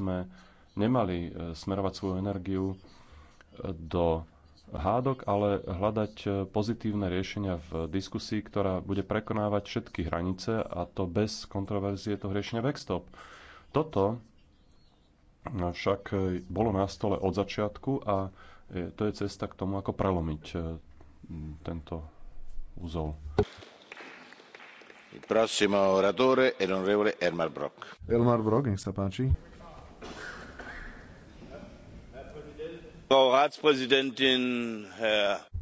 sme nemali e, smerovať svoju energiu e, do hádok, ale hľadať e, pozitívne riešenia v diskusii, ktorá bude prekonávať všetky hranice a to bez kontroverzie toho riešenia backstop. Toto však bolo na stole od začiatku a to je cesta k tomu, ako prelomiť tento úzol. Il prossimo oratore è l'onorevole Elmar Brock. Elmar Brock, nech sa páči.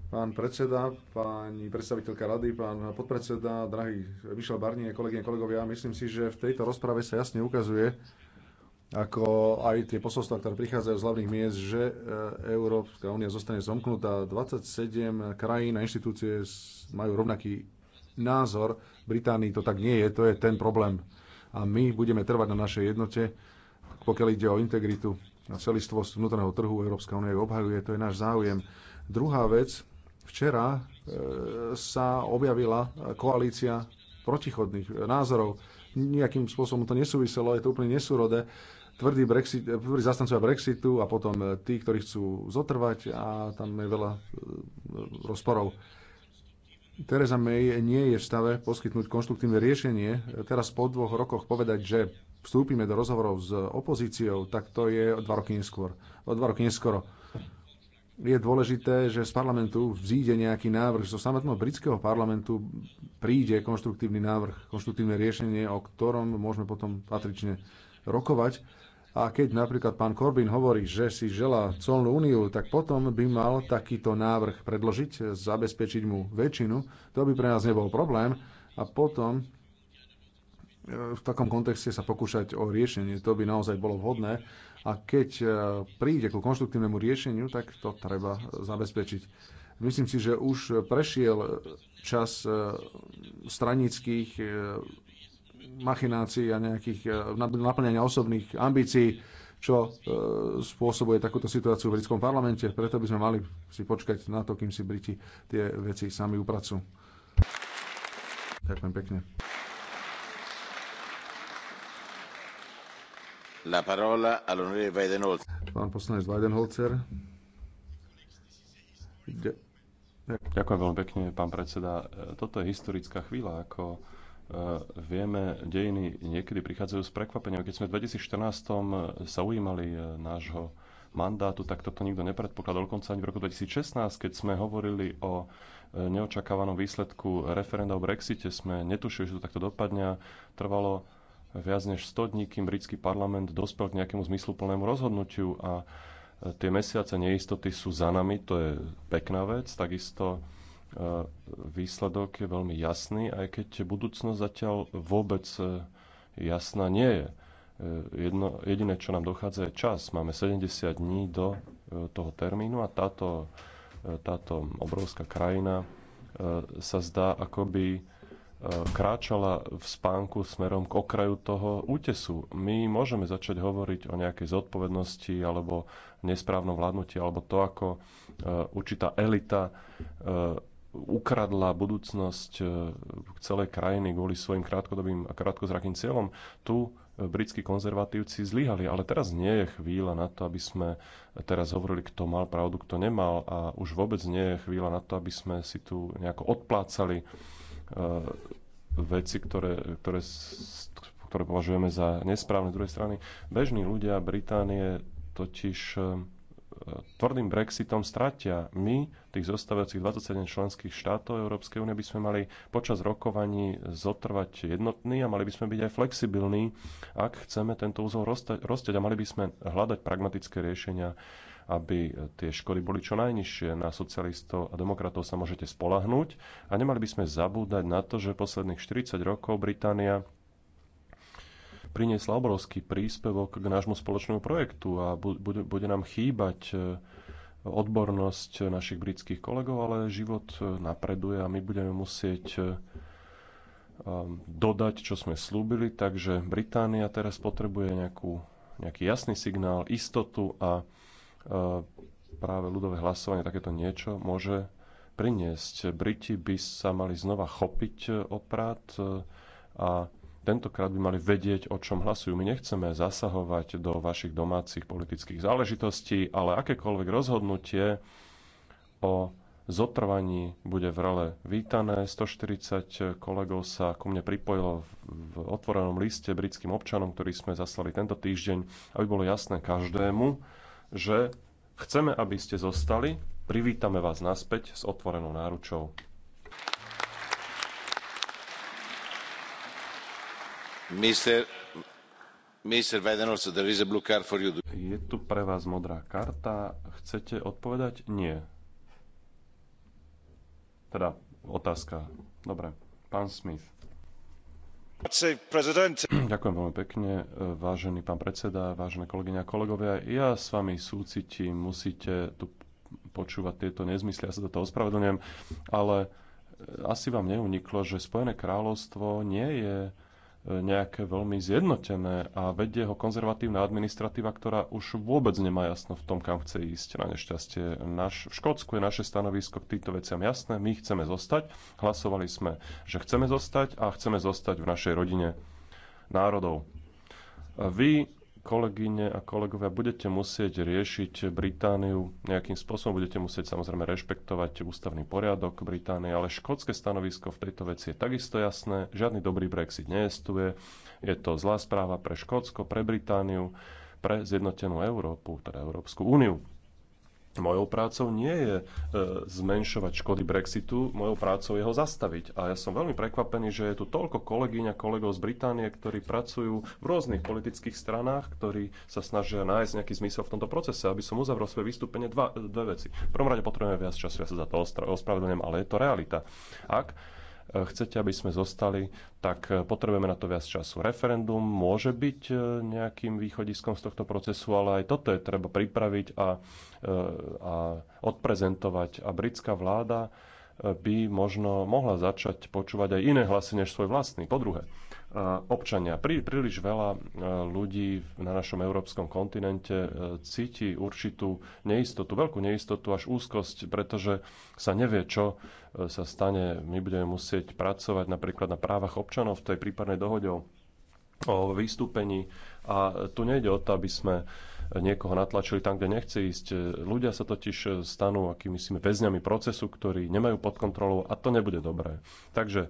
Pán predseda, pani predstaviteľka rady, pán podpredseda, drahý Michel Barnier, kolegyne, kolegovia, myslím si, že v tejto rozprave sa jasne ukazuje, ako aj tie posolstvá, ktoré prichádzajú z hlavných miest, že e, Európska únia zostane zomknutá. 27 krajín a inštitúcie majú rovnaký názor. V Británii to tak nie je, to je ten problém. A my budeme trvať na našej jednote, pokiaľ ide o integritu a celistvosť vnútorného trhu Európska únia obhajuje, to je náš záujem. Druhá vec, včera e, sa objavila koalícia protichodných názorov. Nejakým spôsobom to nesúviselo, je to úplne nesúrode. Tvrdí, Brexit, tvrdí zastancovia Brexitu a potom tí, ktorí chcú zotrvať a tam je veľa e, rozporov. Tereza May nie je v stave poskytnúť konštruktívne riešenie. E, teraz po dvoch rokoch povedať, že vstúpime do rozhovorov s opozíciou, tak to je o dva roky neskôr. O dva roky neskoro. Je dôležité, že z parlamentu vzíde nejaký návrh, že zo samotného britského parlamentu príde konštruktívny návrh, konštruktívne riešenie, o ktorom môžeme potom patrične rokovať. A keď napríklad pán Corbyn hovorí, že si želá colnú úniu, tak potom by mal takýto návrh predložiť, zabezpečiť mu väčšinu. To by pre nás nebol problém. A potom v takom kontexte sa pokúšať o riešenie. To by naozaj bolo vhodné. A keď e, príde ku konštruktívnemu riešeniu, tak to treba zabezpečiť. Myslím si, že už prešiel čas e, stranických e, machinácií a nejakých naplňania osobných ambícií, čo spôsobuje takúto situáciu v britskom parlamente. Preto by sme mali si počkať na to, kým si Briti tie veci sami upracujú. Ďakujem pekne. La parola all'onorevole Weidenholzer. Pán poslanec Weidenholzer. Ďakujem veľmi pekne, pán predseda. E, toto je historická chvíľa, ako e, vieme, dejiny niekedy prichádzajú s prekvapením. Keď sme v 2014 e, sa ujímali nášho mandátu, tak toto nikto nepredpokladal. Dokonca ani v roku 2016, keď sme hovorili o neočakávanom výsledku referenda o Brexite, sme netušili, že to takto dopadne. Trvalo viac než 100 dní, kým britský parlament dospel k nejakému zmysluplnému rozhodnutiu a e, tie mesiace neistoty sú za nami, to je pekná vec, takisto e, výsledok je veľmi jasný, aj keď budúcnosť zatiaľ vôbec e, jasná nie je. Jedno, jediné, čo nám dochádza, je čas. Máme 70 dní do toho termínu a táto, táto obrovská krajina sa zdá, akoby E, kráčala v spánku smerom k okraju toho útesu. My môžeme začať hovoriť o nejakej zodpovednosti alebo nesprávnom vládnutí alebo to, ako e, určitá elita e, ukradla budúcnosť celej krajiny kvôli svojim krátkodobým a krátkozrakým cieľom. Tu britskí konzervatívci zlyhali, ale teraz nie je chvíľa na to, aby sme teraz hovorili, kto mal pravdu, kto nemal a už vôbec nie je chvíľa na to, aby sme si tu nejako odplácali E, veci, ktoré, ktoré, ktoré považujeme za nesprávne. Z druhej strany, bežní ľudia Británie totiž e, tvrdým Brexitom stratia. My, tých zostávajúcich 27 členských štátov Európskej únie, by sme mali počas rokovaní zotrvať jednotný a mali by sme byť aj flexibilní, ak chceme tento úzol roztať, a mali by sme hľadať pragmatické riešenia aby tie škody boli čo najnižšie. Na socialistov a demokratov sa môžete spolahnúť a nemali by sme zabúdať na to, že posledných 40 rokov Británia priniesla obrovský príspevok k nášmu spoločnému projektu a bude, bude nám chýbať e, odbornosť našich britských kolegov, ale život e, napreduje a my budeme musieť e, um, dodať, čo sme slúbili. Takže Británia teraz potrebuje nejakú, nejaký jasný signál, istotu a E, práve ľudové hlasovanie, takéto niečo môže priniesť. Briti by sa mali znova chopiť e, oprat e, a tentokrát by mali vedieť, o čom hlasujú. My nechceme zasahovať do vašich domácich politických záležitostí, ale akékoľvek rozhodnutie o zotrvaní bude vrele vítané. 140 kolegov sa ku mne pripojilo v otvorenom liste britským občanom, ktorý sme zaslali tento týždeň, aby bolo jasné každému, že chceme, aby ste zostali. Privítame vás naspäť s otvorenou náručou. there is a blue card for you. Je tu pre vás modrá karta. Chcete odpovedať? Nie. Teda otázka. Dobre. Pán Smith. Ďakujem veľmi pekne, vážený pán predseda, vážené kolegyne a kolegovia. Ja s vami súcitím, musíte tu počúvať tieto nezmysly, ja sa do toho ospravedlňujem, ale asi vám neuniklo, že Spojené kráľovstvo nie je nejaké veľmi zjednotené a vedie ho konzervatívna administratíva, ktorá už vôbec nemá jasno v tom, kam chce ísť. Na nešťastie naš, v Škótsku je naše stanovisko k týmto veciam jasné. My chceme zostať. Hlasovali sme, že chceme zostať a chceme zostať v našej rodine národov. Vy kolegyne a kolegovia, budete musieť riešiť Britániu nejakým spôsobom, budete musieť samozrejme rešpektovať ústavný poriadok Británie, ale škótske stanovisko v tejto veci je takisto jasné. Žiadny dobrý Brexit neestuje. Je to zlá správa pre Škótsko, pre Britániu, pre zjednotenú Európu, teda Európsku úniu. Mojou prácou nie je e, zmenšovať škody Brexitu, mojou prácou je ho zastaviť. A ja som veľmi prekvapený, že je tu toľko kolegyň a kolegov z Británie, ktorí pracujú v rôznych politických stranách, ktorí sa snažia nájsť nejaký zmysel v tomto procese. Aby som uzavrel svoje vystúpenie, dva, dve veci. V prvom rade potrebujeme viac času, ja sa za to ospravedlňujem, ale je to realita. Ak E, chcete, aby sme zostali, tak e, potrebujeme na to viac času. Referendum môže byť e, nejakým východiskom z tohto procesu, ale aj toto je treba pripraviť a, a odprezentovať. A britská vláda by možno mohla začať počúvať aj iné hlasy než svoj vlastný. Po druhé, občania. Prí, príliš veľa ľudí na našom európskom kontinente e, cíti určitú neistotu, veľkú neistotu až úzkosť, pretože sa nevie, čo e, sa stane. My budeme musieť pracovať napríklad na právach občanov v tej prípadnej dohode o, o vystúpení. A tu nejde o to, aby sme niekoho natlačili tam, kde nechce ísť. Ľudia sa totiž stanú akými si väzňami procesu, ktorí nemajú pod kontrolou a to nebude dobré. Takže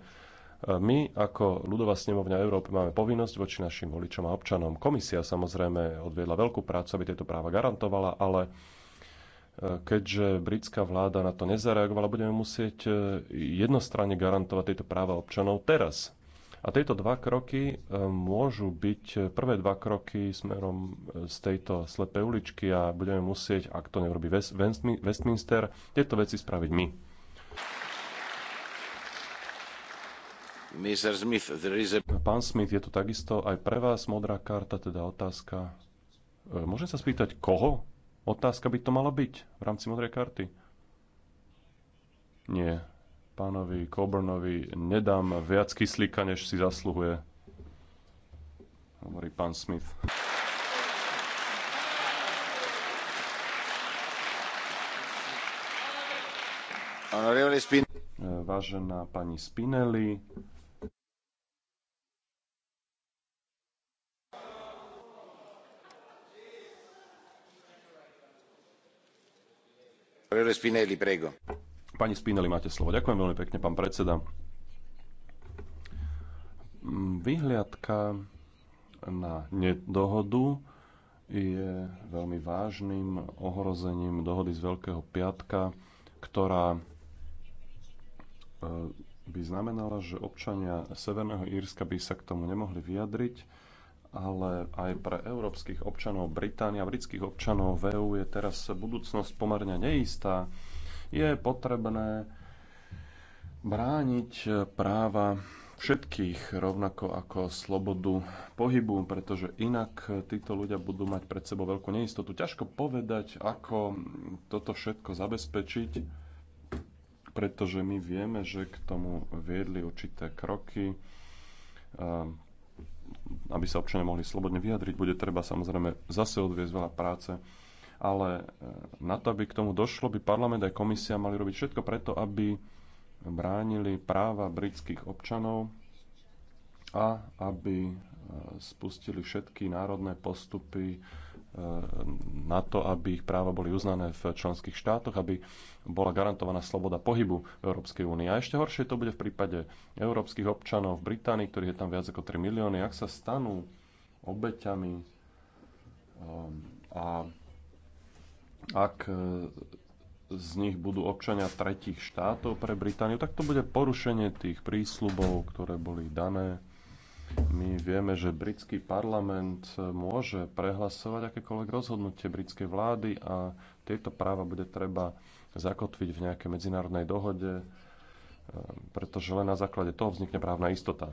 my ako ľudová snemovňa Európy máme povinnosť voči našim voličom a občanom. Komisia samozrejme odviedla veľkú prácu, aby tieto práva garantovala, ale e, keďže britská vláda na to nezareagovala, budeme musieť e, jednostranne garantovať tieto práva občanov teraz. A tieto dva kroky e, môžu byť prvé dva kroky smerom z tejto slepej uličky a budeme musieť, ak to neurobí Westminster, tieto veci spraviť my. Pán Smith, je tu takisto aj pre vás modrá karta, teda otázka. E, môžem sa spýtať, koho? Otázka by to mala byť v rámci modrej karty. Nie, pánovi Coburnovi nedám viac kyslíka, než si zasluhuje. Hovorí pán Smith. E, vážená pani Spinelli, Pani Spinelli, máte slovo. Ďakujem veľmi pekne, pán predseda. Mm, vyhliadka na nedohodu je veľmi vážnym ohrozením dohody z Veľkého piatka, ktorá e, by znamenala, že občania Severného Írska by sa k tomu nemohli vyjadriť ale aj pre európskych občanov Británia, britských občanov v EÚ je teraz budúcnosť pomerne neistá. Je potrebné brániť práva všetkých rovnako ako slobodu pohybu, pretože inak títo ľudia budú mať pred sebou veľkú neistotu. Ťažko povedať, ako toto všetko zabezpečiť, pretože my vieme, že k tomu viedli určité kroky aby sa občania mohli slobodne vyjadriť, bude treba samozrejme zase odviezť veľa práce. Ale e, na to, aby k tomu došlo, by parlament aj komisia mali robiť všetko preto, aby bránili práva britských občanov a aby e, spustili všetky národné postupy na to, aby ich práva boli uznané v členských štátoch, aby bola garantovaná sloboda pohybu v Európskej únie. A ešte horšie to bude v prípade európskych občanov v Británii, ktorých je tam viac ako 3 milióny. Ak sa stanú obeťami um, a ak e, z nich budú občania tretich štátov pre Britániu, tak to bude porušenie tých prísľubov, ktoré boli dané my vieme, že britský parlament eh, môže prehlasovať akékoľvek rozhodnutie britskej vlády a tieto práva bude treba zakotviť v nejakej medzinárodnej dohode, eh, pretože len na základe toho vznikne právna istota.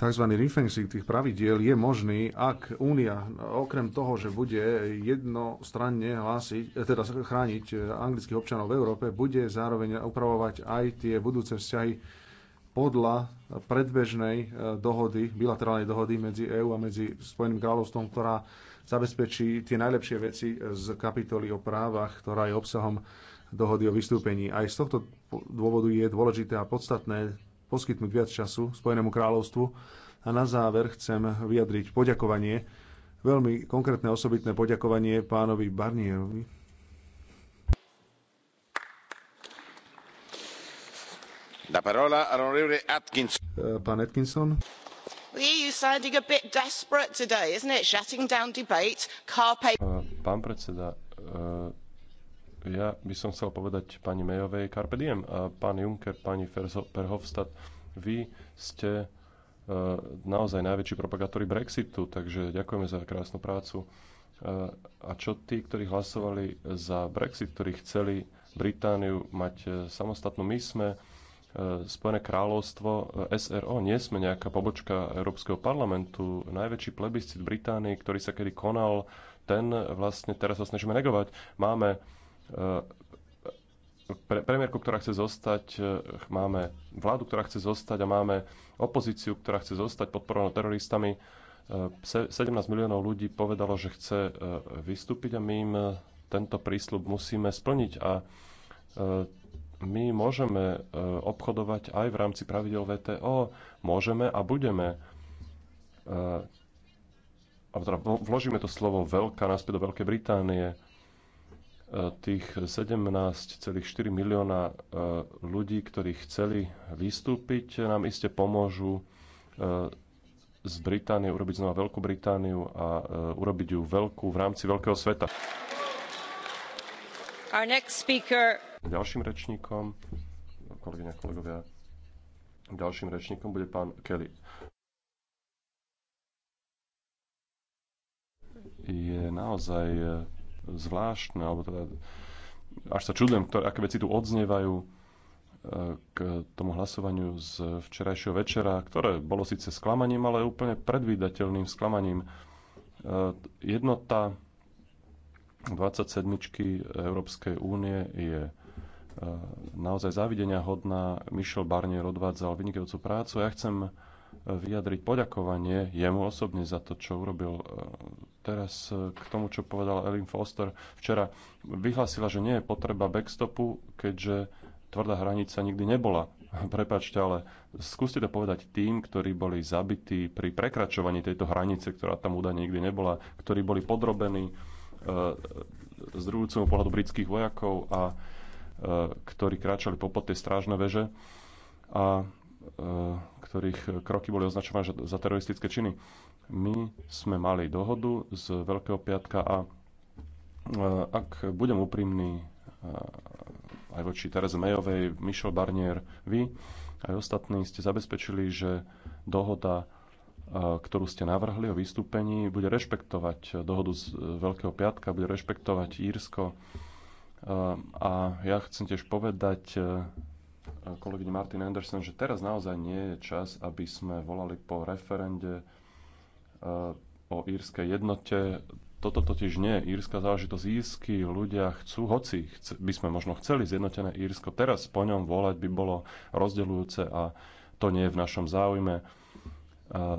Tzv. refinancing tých pravidiel je možný, ak Únia okrem toho, že bude jednostranne hlásiť, eh, teda chrániť anglických občanov v Európe, bude zároveň upravovať aj tie budúce vzťahy podľa predbežnej e, dohody, bilaterálnej dohody medzi EÚ a medzi Spojeným kráľovstvom, ktorá zabezpečí tie najlepšie veci z kapitoly o právach, ktorá je obsahom dohody o vystúpení. Aj z tohto dôvodu je dôležité a podstatné poskytnúť viac času Spojenému kráľovstvu. A na záver chcem vyjadriť poďakovanie, veľmi konkrétne osobitné poďakovanie pánovi Barnierovi, Pán Atkinson. Eh, eh, pán predseda, eh, ja by som chcel povedať pani Mayovej Carpe Diem a pán Juncker, pani Verhofstadt, vy ste naozaj najväčší propagátori Brexitu, takže ďakujeme za krásnu prácu. A čo tí, ktorí hlasovali za Brexit, ktorí chceli Britániu mať samostatnú, my sme E, Spojené kráľovstvo e, SRO nie sme nejaká pobočka Európskeho parlamentu. Najväčší plebiscit Británii, ktorý sa kedy konal, ten vlastne teraz sa snažíme negovať. Máme e, pre, premiérku, ktorá chce zostať, máme vládu, ktorá chce zostať a máme opozíciu, ktorá chce zostať podporovanou teroristami. 17 miliónov ľudí povedalo, že chce vystúpiť a my im tento prísľub musíme splniť a my môžeme e, obchodovať aj v rámci pravidel VTO. Môžeme a budeme. E, teda vložíme to slovo veľká naspäť do Veľkej Británie. E, tých 17,4 milióna ľudí, ktorí chceli vystúpiť, nám iste pomôžu z Británie urobiť znova Veľkú Britániu a urobiť ju veľkú v rámci veľkého sveta. Our next speaker Ďalším rečníkom, kolegyňa, kolegovia, ďalším rečníkom bude pán Kelly. Je naozaj e, zvláštne, alebo teda až sa čudujem, ktoré, aké veci tu odznievajú e, k tomu hlasovaniu z včerajšieho večera, ktoré bolo síce sklamaním, ale úplne predvídateľným sklamaním. E, jednota 27. Európskej únie je Eh, naozaj závidenia hodná. Michel Barnier odvádzal vynikajúcu prácu. Ja chcem eh, vyjadriť poďakovanie jemu osobne za to, čo urobil. Eh, teraz k tomu, čo povedal Elin Foster včera. Vyhlasila, že nie je potreba backstopu, keďže tvrdá hranica nikdy nebola. Prepačte, ale skúste to povedať tým, ktorí boli zabití pri prekračovaní tejto hranice, ktorá tam údajne nikdy nebola, ktorí boli podrobení z druhúceho pohľadu britských vojakov a E, ktorí kráčali popod tej strážnej veže a e, ktorých kroky boli označované za teroristické činy. My sme mali dohodu z Veľkého piatka a e, ak budem úprimný aj voči Tereze Mejovej, Michel Barnier, vy aj ostatní ste zabezpečili, že dohoda, ktorú ste navrhli o vystúpení, bude rešpektovať dohodu z Veľkého piatka, bude rešpektovať Írsko, Ehm, a ja chcem tiež povedať eh, kolegyne Martin Anderson, že teraz naozaj nie je čas, aby sme volali po referende eh, o írskej jednote. Toto totiž nie je írska záležitosť. Írsky ľudia chcú, hoci by sme možno chceli zjednotené Írsko, teraz po ňom volať by bolo rozdeľujúce a to nie je v našom záujme. Eh,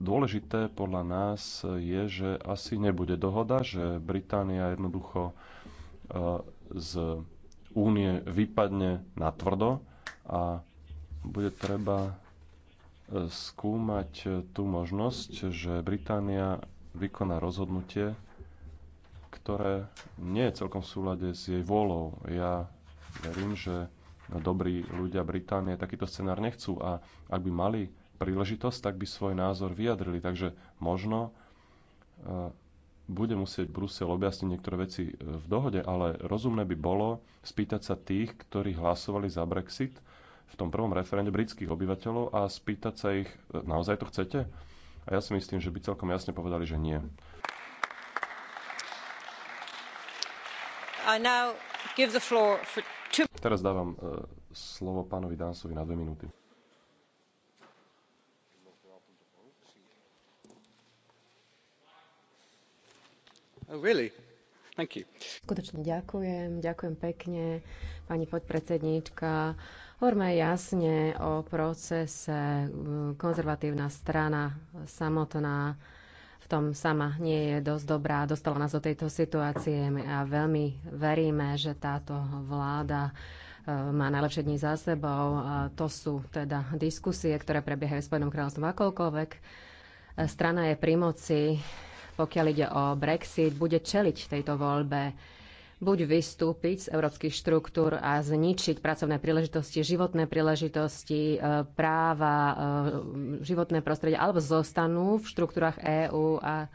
dôležité podľa nás je, že asi nebude dohoda, že Británia jednoducho E, z únie vypadne na tvrdo a bude treba e, skúmať e, tú možnosť, že Británia vykoná rozhodnutie, ktoré nie je celkom v súlade s jej vôľou. Ja verím, že dobrí ľudia Británie takýto scenár nechcú a ak by mali príležitosť, tak by svoj názor vyjadrili. Takže možno bude musieť Brusel objasniť niektoré veci e, v dohode, ale rozumné by bolo spýtať sa tých, ktorí hlasovali za Brexit v tom prvom referende britských obyvateľov a spýtať sa ich, e, naozaj to chcete? A ja si myslím, že by celkom jasne povedali, že nie. Teraz dávam e, slovo pánovi Dansovi na dve minúty. Oh, really? Thank you. Skutočne ďakujem, ďakujem pekne, pani podpredsedníčka. Hovoríme jasne o procese. Eh, konzervatívna strana samotná v tom sama nie je dosť dobrá. Dostala nás do tejto situácie a veľmi veríme, že táto vláda eh, má najlepšie dni za sebou. To sú teda diskusie, ktoré prebiehajú v Spojenom kráľovstve akoľkoľvek. Eh, strana je pri moci pokiaľ ide o Brexit, bude čeliť tejto voľbe buď vystúpiť z európskych štruktúr a zničiť pracovné príležitosti, životné príležitosti, e, práva, e, životné prostredie, alebo zostanú v štruktúrach EÚ a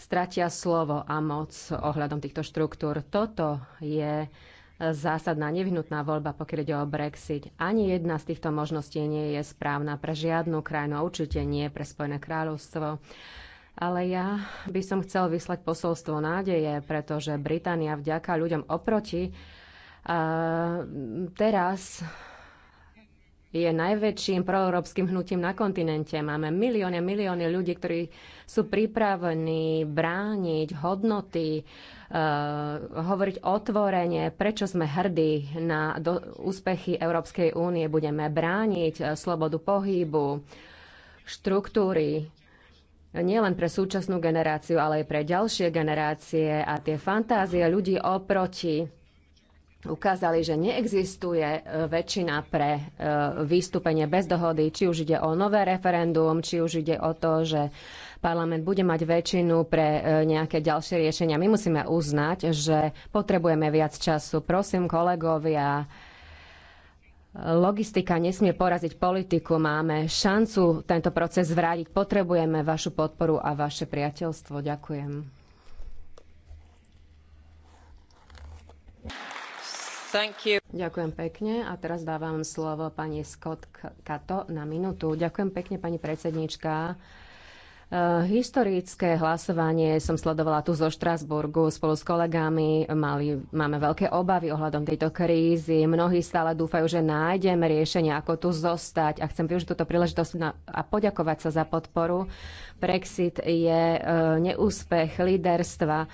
stratia slovo a moc ohľadom týchto štruktúr. Toto je zásadná nevyhnutná voľba, pokiaľ ide o Brexit. Ani jedna z týchto možností nie je správna pre žiadnu krajinu, určite nie pre Spojené kráľovstvo. Ale ja by som chcel vyslať posolstvo nádeje, pretože Británia vďaka ľuďom oproti a teraz je najväčším proeurópskym hnutím na kontinente. Máme milióny a milióny ľudí, ktorí sú pripravení brániť hodnoty, uh, hovoriť otvorene, prečo sme hrdí na do, úspechy Európskej únie. Budeme brániť e, slobodu pohybu, štruktúry, nielen pre súčasnú generáciu, ale aj pre ďalšie generácie a tie fantázie ľudí oproti ukázali, že neexistuje e, väčšina pre e, vystúpenie bez dohody, či už ide o nové referendum, či už ide o to, že parlament bude mať väčšinu pre e, nejaké ďalšie riešenia. My musíme uznať, že potrebujeme viac času. Prosím kolegovia, Logistika nesmie poraziť politiku. Máme šancu tento proces zvrátiť. Potrebujeme vašu podporu a vaše priateľstvo. Ďakujem. Ďakujem pekne a teraz dávam slovo pani Scott Kato na minútu. Ďakujem pekne, pani predsednička. Eh, historické hlasovanie som sledovala tu zo Štrasburgu spolu s kolegami. Mali, máme veľké obavy ohľadom tejto krízy. Mnohí stále dúfajú, že nájdeme riešenie, ako tu zostať. A chcem využiť túto príležitosť na, a poďakovať sa za podporu Brexit je e, neúspech líderstva e,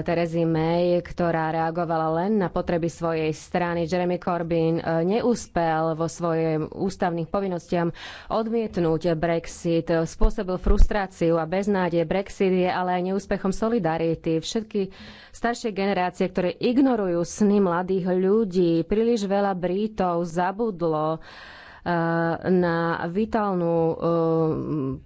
Terezy May, ktorá reagovala len na potreby svojej strany. Jeremy Corbyn e, neúspel vo svojej ústavných povinnostiam odmietnúť Brexit. Spôsobil frustráciu a beznádej. Brexit je ale aj neúspechom solidarity. Všetky staršie generácie, ktoré ignorujú sny mladých ľudí, príliš veľa Britov zabudlo Eh, na vitálnu eh,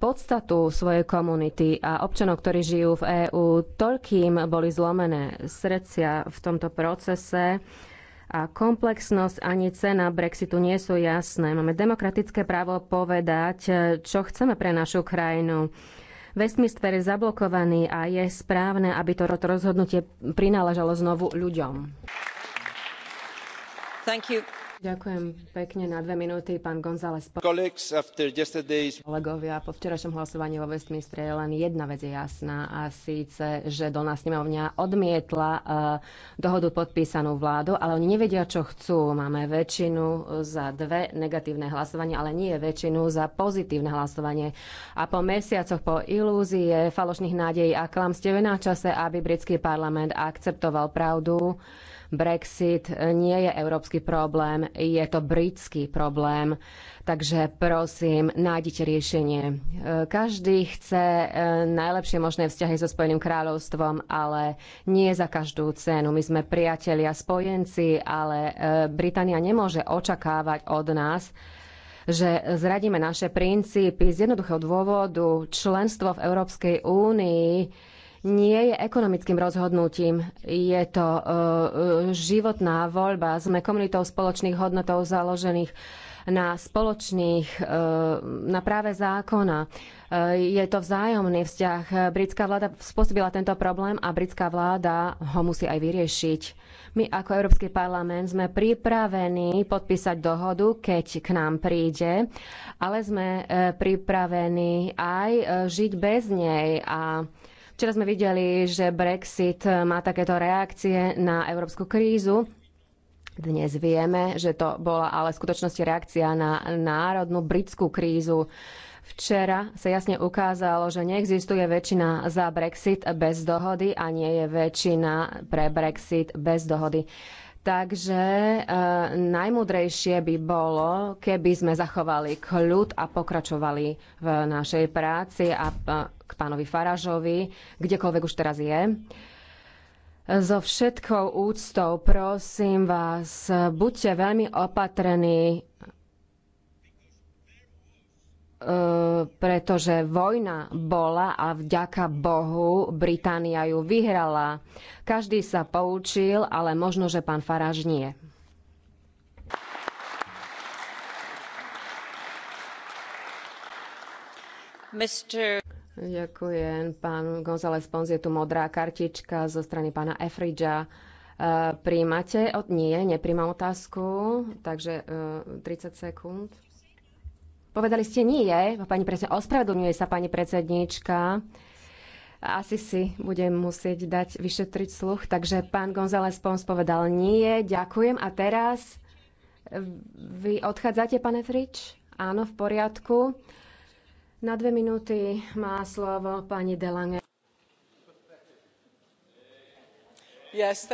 podstatu svojej komunity a občanov, ktorí žijú v EÚ, toľkým boli zlomené srdcia v tomto procese a komplexnosť ani cena Brexitu nie sú jasné. Máme demokratické právo povedať, eh, čo chceme pre našu krajinu. Westminster je zablokovaný a je správne, aby to rozhodnutie prináležalo znovu ľuďom. Thank you. Ďakujem pekne na dve minúty, pán González. Kolegovia, po včerajšom hlasovaní vo Westminstre len jedna vec je jasná a síce, že Dolná snemovňa odmietla uh, dohodu podpísanú vládu, ale oni nevedia, čo chcú. Máme väčšinu za dve negatívne hlasovanie, ale nie väčšinu za pozitívne hlasovanie. A po mesiacoch po ilúzie, falošných nádejí a klamstiev je na čase, aby britský parlament akceptoval pravdu Brexit nie je európsky problém, je to britský problém. Takže prosím, nájdite riešenie. E, každý chce e, najlepšie možné vzťahy so Spojeným kráľovstvom, ale nie za každú cenu. My sme priatelia, spojenci, ale e, Británia nemôže očakávať od nás, že zradíme naše princípy z jednoduchého dôvodu členstvo v Európskej únii nie je ekonomickým rozhodnutím. Je to e, e, životná voľba. Sme komunitou spoločných hodnotov založených na spoločných, e, na práve zákona. Je to vzájomný vzťah. Britská vláda spôsobila tento problém a britská vláda ho musí aj vyriešiť. My ako Európsky parlament sme pripravení podpísať dohodu, keď k nám príde, ale sme pripravení aj žiť bez nej a Včera sme videli, že Brexit má takéto reakcie na európsku krízu. Dnes vieme, že to bola ale v skutočnosti reakcia na národnú britskú krízu. Včera sa jasne ukázalo, že neexistuje väčšina za Brexit bez dohody a nie je väčšina pre Brexit bez dohody. Takže e, najmudrejšie by bolo, keby sme zachovali kľud a pokračovali v našej práci a e, k pánovi Faražovi, kdekoľvek už teraz je. So všetkou úctou prosím vás, buďte veľmi opatrení, e, pretože vojna bola a vďaka Bohu Británia ju vyhrala. Každý sa poučil, ale možno, že pán Faráž nie. Mr. Ďakujem. Pán González Pons, je tu modrá kartička zo strany pána Efridža. E, príjmate? O, nie, nepríjmam otázku. Takže e, 30 sekúnd. Povedali ste nie, pani predsedníčka. Ospravedlňuje sa pani predsednička. Asi si budem musieť dať vyšetriť sluch. Takže pán González Pons povedal nie, ďakujem. A teraz e, vy odchádzate, pane Frič? Áno, v poriadku. Na dve minúty má slovo pani Delange. Yes,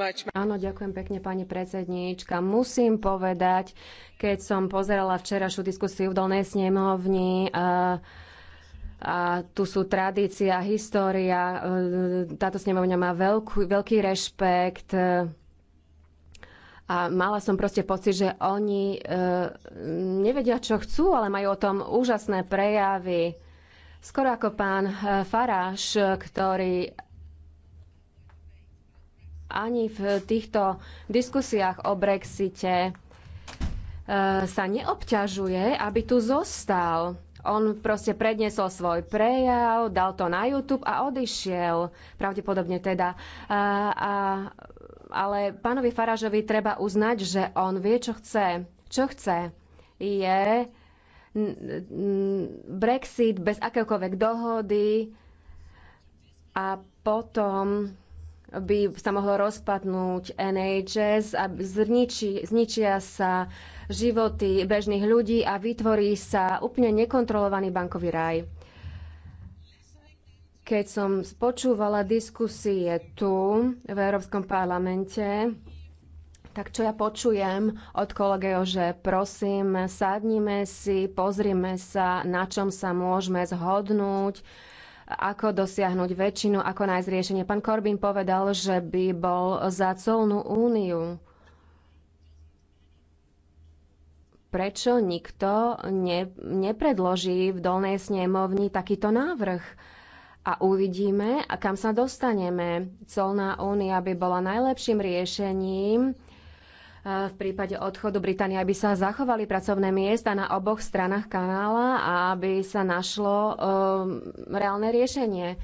much, Áno, ďakujem pekne, pani predsedníčka. Musím povedať, keď som pozerala včerašiu diskusiu v Dolnej snemovni, a tu sú tradícia, história. E, táto snemovňa má veľký rešpekt a mala som proste pocit, že oni e, nevedia, čo chcú, ale majú o tom úžasné prejavy. Skoro ako pán e, Faráš, e, ktorý ani v týchto diskusiách o Brexite e, sa neobťažuje, aby tu zostal. On proste predniesol svoj prejav, dal to na YouTube a odišiel. Pravdepodobne teda. E, a, a ale pánovi Faražovi treba uznať, že on vie, čo chce. Čo chce je Brexit bez akéhokoľvek dohody a potom by sa mohlo rozpadnúť NHS a zničí, zničia sa životy bežných ľudí a vytvorí sa úplne nekontrolovaný bankový raj. Keď som spočúvala diskusie tu v Európskom parlamente, tak čo ja počujem od kolegeho, že prosím, sadnime si, pozrime sa, na čom sa môžeme zhodnúť, ako dosiahnuť väčšinu, ako nájsť riešenie. Pán Korbín povedal, že by bol za colnú úniu. Prečo nikto ne, nepredloží v dolnej snemovni takýto návrh? a uvidíme, a kam sa dostaneme. Colná únia by bola najlepším riešením e, v prípade odchodu Británie, aby sa zachovali pracovné miesta na oboch stranách kanála a aby sa našlo um, reálne riešenie.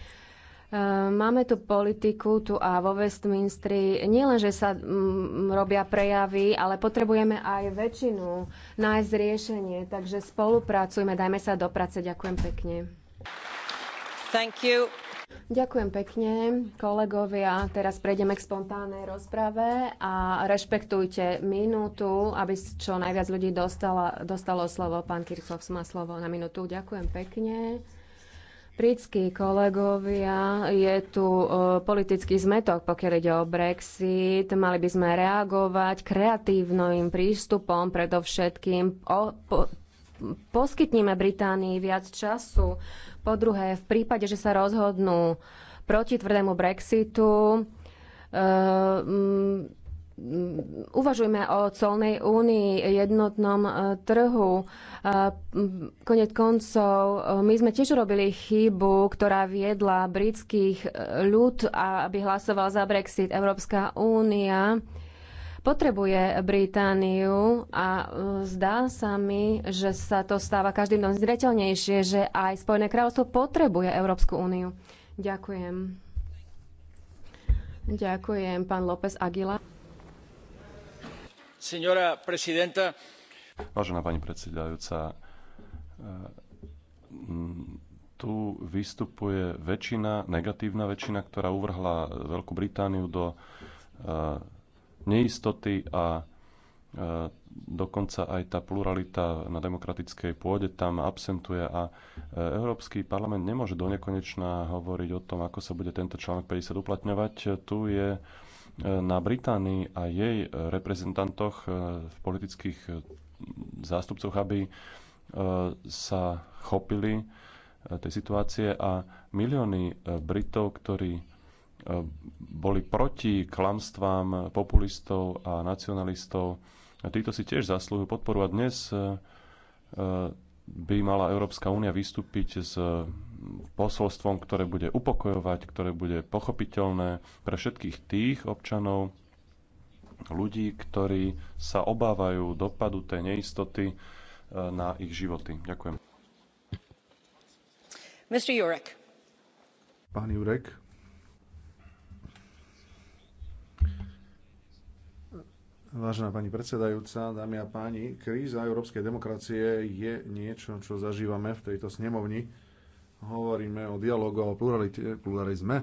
Um, máme tu politiku tu a vo Westminstri. Nielen, že sa um, robia prejavy, ale potrebujeme aj väčšinu nájsť riešenie. Takže spolupracujme, dajme sa do práce. Ďakujem pekne. Ďakujem pekne, kolegovia. Teraz prejdeme k spontánnej rozprave a rešpektujte minútu, aby čo najviac ľudí dostala, dostalo slovo. Pán Kirchhoff má slovo na minútu. Ďakujem pekne. Britskí kolegovia, je tu uh, politický zmetok, pokiaľ ide o Brexit. Mali by sme reagovať kreatívnym prístupom, predovšetkým o, po, Poskytneme Británii viac času. Po druhé, v prípade, že sa rozhodnú proti tvrdému Brexitu, eh, mm, uvažujme o colnej únii, jednotnom eh, trhu. Eh, konec koncov, my sme tiež robili chybu, ktorá viedla britských ľud, aby hlasoval za Brexit. Európska únia potrebuje Britániu a e, zdá sa mi, že sa to stáva každým dom zreteľnejšie, že aj Spojené kráľovstvo potrebuje Európsku úniu. Ďakujem. Ďakujem, pán López Aguila. Signora prezidenta. Vážená pani predsedajúca, e, tu vystupuje väčšina, negatívna väčšina, ktorá uvrhla Veľkú Britániu do e, neistoty a e, dokonca aj tá pluralita na demokratickej pôde tam absentuje a e, Európsky parlament nemôže do nekonečna hovoriť o tom, ako sa bude tento článok 50 uplatňovať. Tu je e, na Británii a jej reprezentantoch v politických zástupcoch, aby sa chopili tej situácie a milióny Britov, ktorí Eh, boli proti klamstvám populistov a nacionalistov. Títo si tiež zaslúhujú podporu a dnes eh, eh, by mala Európska únia vystúpiť s posolstvom, ktoré bude upokojovať, ktoré bude pochopiteľné pre všetkých tých občanov, ľudí, ktorí sa obávajú dopadu tej neistoty na ich životy. Ďakujem. Mr. Jurek. Pán Jurek. Vážená pani predsedajúca, dámy a páni, kríza európskej demokracie je niečo, čo zažívame v tejto snemovni. Hovoríme o dialogu a o pluralite, pluralizme.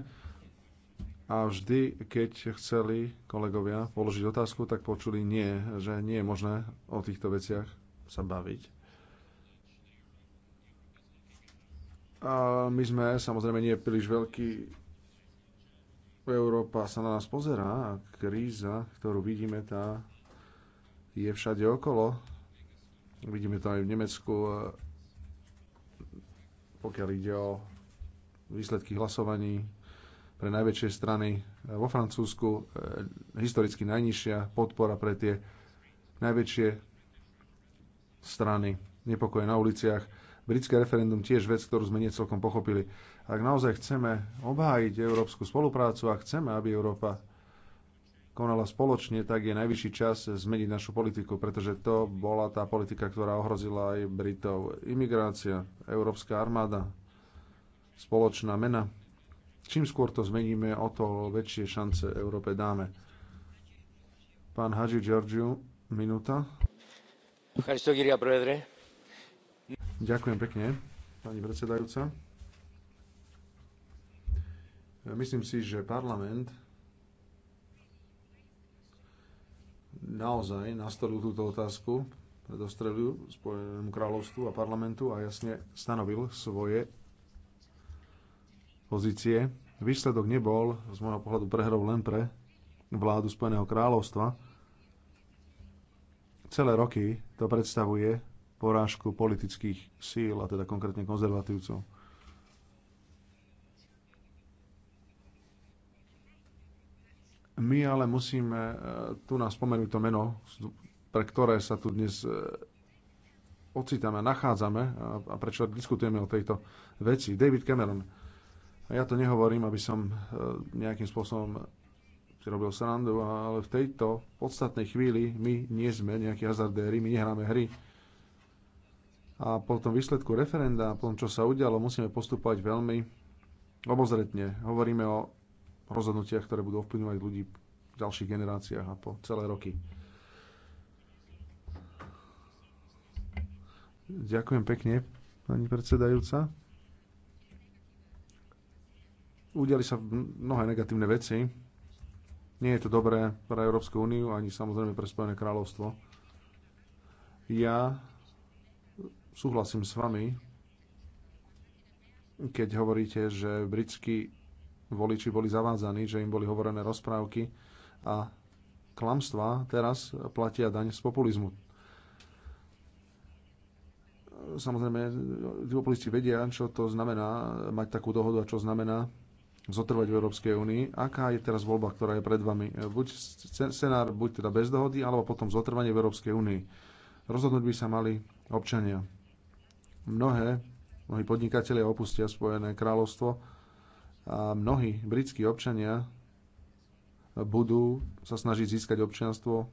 A vždy, keď chceli kolegovia položiť otázku, tak počuli nie, že nie je možné o týchto veciach sa baviť. A my sme samozrejme nie príliš veľký Európa sa na nás pozerá a kríza, ktorú vidíme, tá je všade okolo. Vidíme to aj v Nemecku, pokiaľ ide o výsledky hlasovaní pre najväčšie strany e, vo Francúzsku, e, historicky najnižšia podpora pre tie najväčšie strany, nepokoje na uliciach. Britské referendum tiež vec, ktorú sme nie celkom pochopili. Ak naozaj chceme obhájiť európsku spoluprácu a chceme, aby Európa konala spoločne, tak je najvyšší čas zmeniť našu politiku, pretože to bola tá politika, ktorá ohrozila aj Britov. Imigrácia, Európska armáda, spoločná mena. Čím skôr to zmeníme, o to väčšie šance Európe dáme. Pán Haji Georgiu, minúta. Ďakujem pekne, pani predsedajúca. Myslím si, že parlament naozaj nastolil túto otázku stredu Spojenému kráľovstvu a parlamentu a jasne stanovil svoje pozície. Výsledok nebol z môjho pohľadu prehrou len pre vládu Spojeného kráľovstva. Celé roky to predstavuje porážku politických síl, a teda konkrétne konzervatívcov. My ale musíme e, tu nás spomenúť to meno, pre ktoré sa tu dnes e, ocitáme, nachádzame a prečo diskutujeme o tejto veci. David Cameron. Ja to nehovorím, aby som e, nejakým spôsobom si robil srandu, ale v tejto podstatnej chvíli my nie sme nejakí hazardéry, my nehráme hry. A po tom výsledku referenda, po tom, čo sa udialo, musíme postupovať veľmi obozretne. Hovoríme o rozhodnutiach, ktoré budú ovplyvňovať ľudí v ďalších generáciách a po celé roky. Ďakujem pekne, pani predsedajúca. Udiali sa mnohé negatívne veci. Nie je to dobré pre Európsku úniu ani samozrejme pre Spojené kráľovstvo. Ja súhlasím s vami, keď hovoríte, že britský voliči boli zavádzaní, že im boli hovorené rozprávky a klamstvá, teraz platia daň z populizmu. Samozrejme, tí populisti vedia, čo to znamená mať takú dohodu a čo znamená zotrvať v Európskej únii. Aká je teraz voľba, ktorá je pred vami? Buď scenár, buď teda bez dohody, alebo potom zotrvanie v Európskej únii. Rozhodnúť by sa mali občania. Mnohé, mnohí podnikatelia opustia Spojené kráľovstvo, a mnohí britskí občania budú sa snažiť získať občianstvo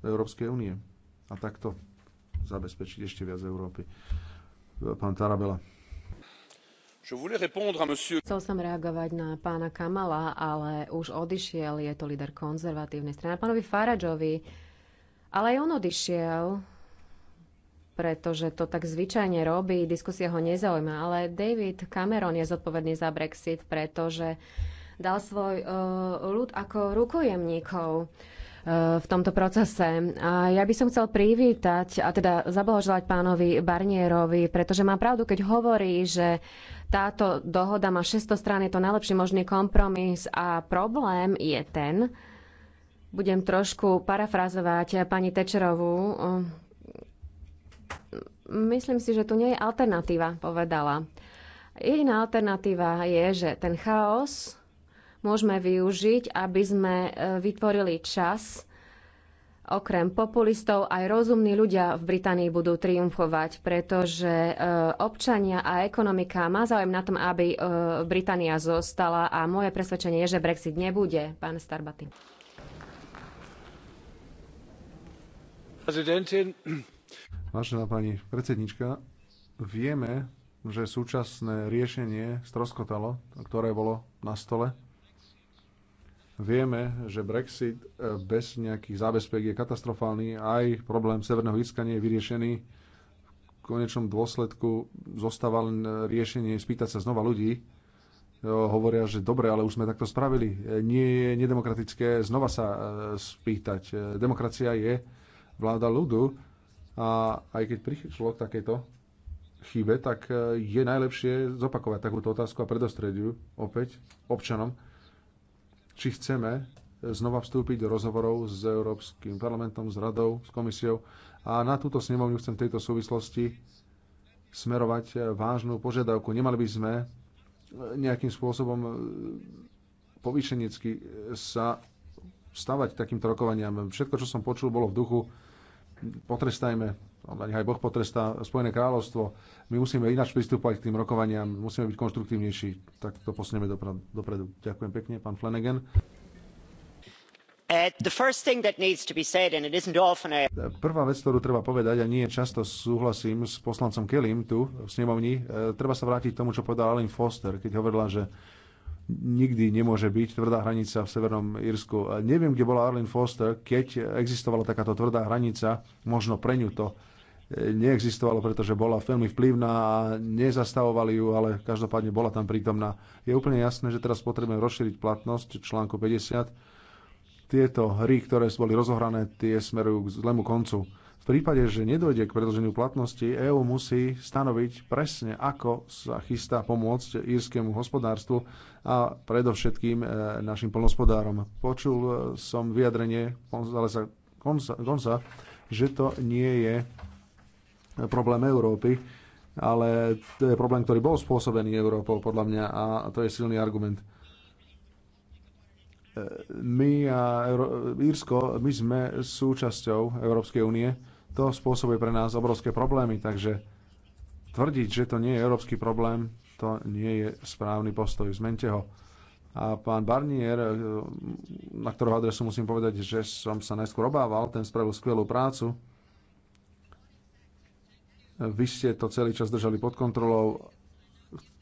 Európskej únie a takto zabezpečiť ešte viac Európy. Pán Tarabela. Chcel som reagovať na pána Kamala, ale už odišiel, je to líder konzervatívnej strany. Pánovi Faradžovi, ale aj on odišiel pretože to tak zvyčajne robí, diskusia ho nezaujíma, ale David Cameron je zodpovedný za Brexit, pretože dal svoj uh, ľud ako rukojemníkov e, v tomto procese. A ja by som chcel privítať a teda zablahoželať pánovi Barnierovi, pretože má pravdu, keď hovorí, že táto dohoda má 600 strán, je to najlepší možný kompromis a problém je ten, budem trošku parafrazovať pani Tečerovú, Myslím si, že tu nie je alternatíva, povedala. Jediná alternatíva je, že ten chaos môžeme využiť, aby sme e, vytvorili čas. Okrem populistov aj rozumní ľudia v Británii budú triumfovať, pretože e, občania a ekonomika má záujem na tom, aby e, Británia zostala a moje presvedčenie je, že Brexit nebude, pán Starbaty. Vážená pani predsednička, vieme, že súčasné riešenie stroskotalo, ktoré bolo na stole. Vieme, že Brexit e, bez nejakých zábezpek je katastrofálny. Aj problém Severného Írska nie je vyriešený. V konečnom dôsledku zostáva len riešenie spýtať sa znova ľudí. E, hovoria, že dobre, ale už sme takto spravili. E, nie je nedemokratické znova sa spýtať. Demokracia je vláda ľudu a aj keď prišlo k takejto chybe, tak e, je najlepšie zopakovať takúto otázku a predostrieť ju opäť občanom, či chceme e, znova vstúpiť do rozhovorov s Európskym parlamentom, s radou, s komisiou. A na túto snemovňu chcem v tejto súvislosti smerovať e, vážnu požiadavku. Nemali by sme nejakým spôsobom povýšenecky sa stavať takýmto rokovaniam. Všetko, čo som počul, bolo v duchu potrestajme, alebo aj Boh potrestá Spojené kráľovstvo. My musíme ináč pristúpať k tým rokovaniam, musíme byť konštruktívnejší, tak to posneme dopredu. Ďakujem pekne, pán Flanagan. Uh, Prvá vec, ktorú treba povedať, a nie často súhlasím s poslancom Kellym tu v snemovni, uh, treba sa vrátiť k tomu, čo povedal Alan Foster, keď hovorila, že nikdy nemôže byť tvrdá hranica v Severnom Írsku. Neviem, kde bola Arlene Foster, keď existovala takáto tvrdá hranica, možno pre ňu to e, neexistovalo, pretože bola veľmi vplyvná a nezastavovali ju, ale každopádne bola tam prítomná. Je úplne jasné, že teraz potrebujeme rozšíriť platnosť článku 50. Tieto hry, ktoré boli rozohrané, tie smerujú k zlému koncu. V prípade, že nedojde k predlženiu platnosti, EÚ musí stanoviť presne, ako sa chystá pomôcť írskému hospodárstvu a predovšetkým e, našim plnospodárom. Počul som vyjadrenie Gonza, Gonza, že to nie je problém Európy, ale to je problém, ktorý bol spôsobený Európou, podľa mňa, a to je silný argument. E, my a Írsko, my sme súčasťou Európskej únie to spôsobuje pre nás obrovské problémy, takže tvrdiť, že to nie je európsky problém, to nie je správny postoj. Zmente ho. A pán Barnier, e, na ktorého adresu musím povedať, že som sa najskôr obával, ten spravil skvelú prácu. Vy ste to celý čas držali pod kontrolou.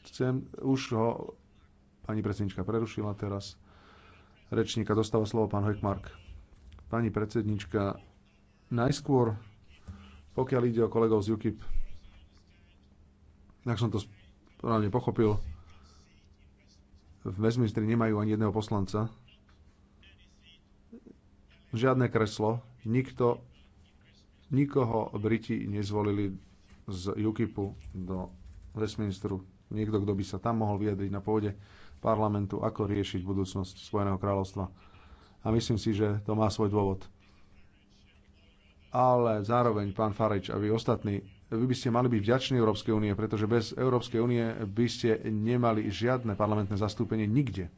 Chcem, už ho pani predsednička prerušila teraz. Rečníka dostáva slovo pán Hekmark. Pani predsednička, najskôr pokiaľ ide o kolegov z UKIP, ak som to správne pochopil, v Westminsteri nemajú ani jedného poslanca. Žiadne kreslo. Nikto, nikoho Briti nezvolili z UKIPu do Westminsteru. Niekto, kto by sa tam mohol vyjadriť na pôde parlamentu, ako riešiť budúcnosť Spojeného kráľovstva. A myslím si, že to má svoj dôvod ale zároveň, pán Farič a vy ostatní, vy by ste mali byť vďační Európskej únie, pretože bez Európskej únie by ste nemali žiadne parlamentné zastúpenie nikde.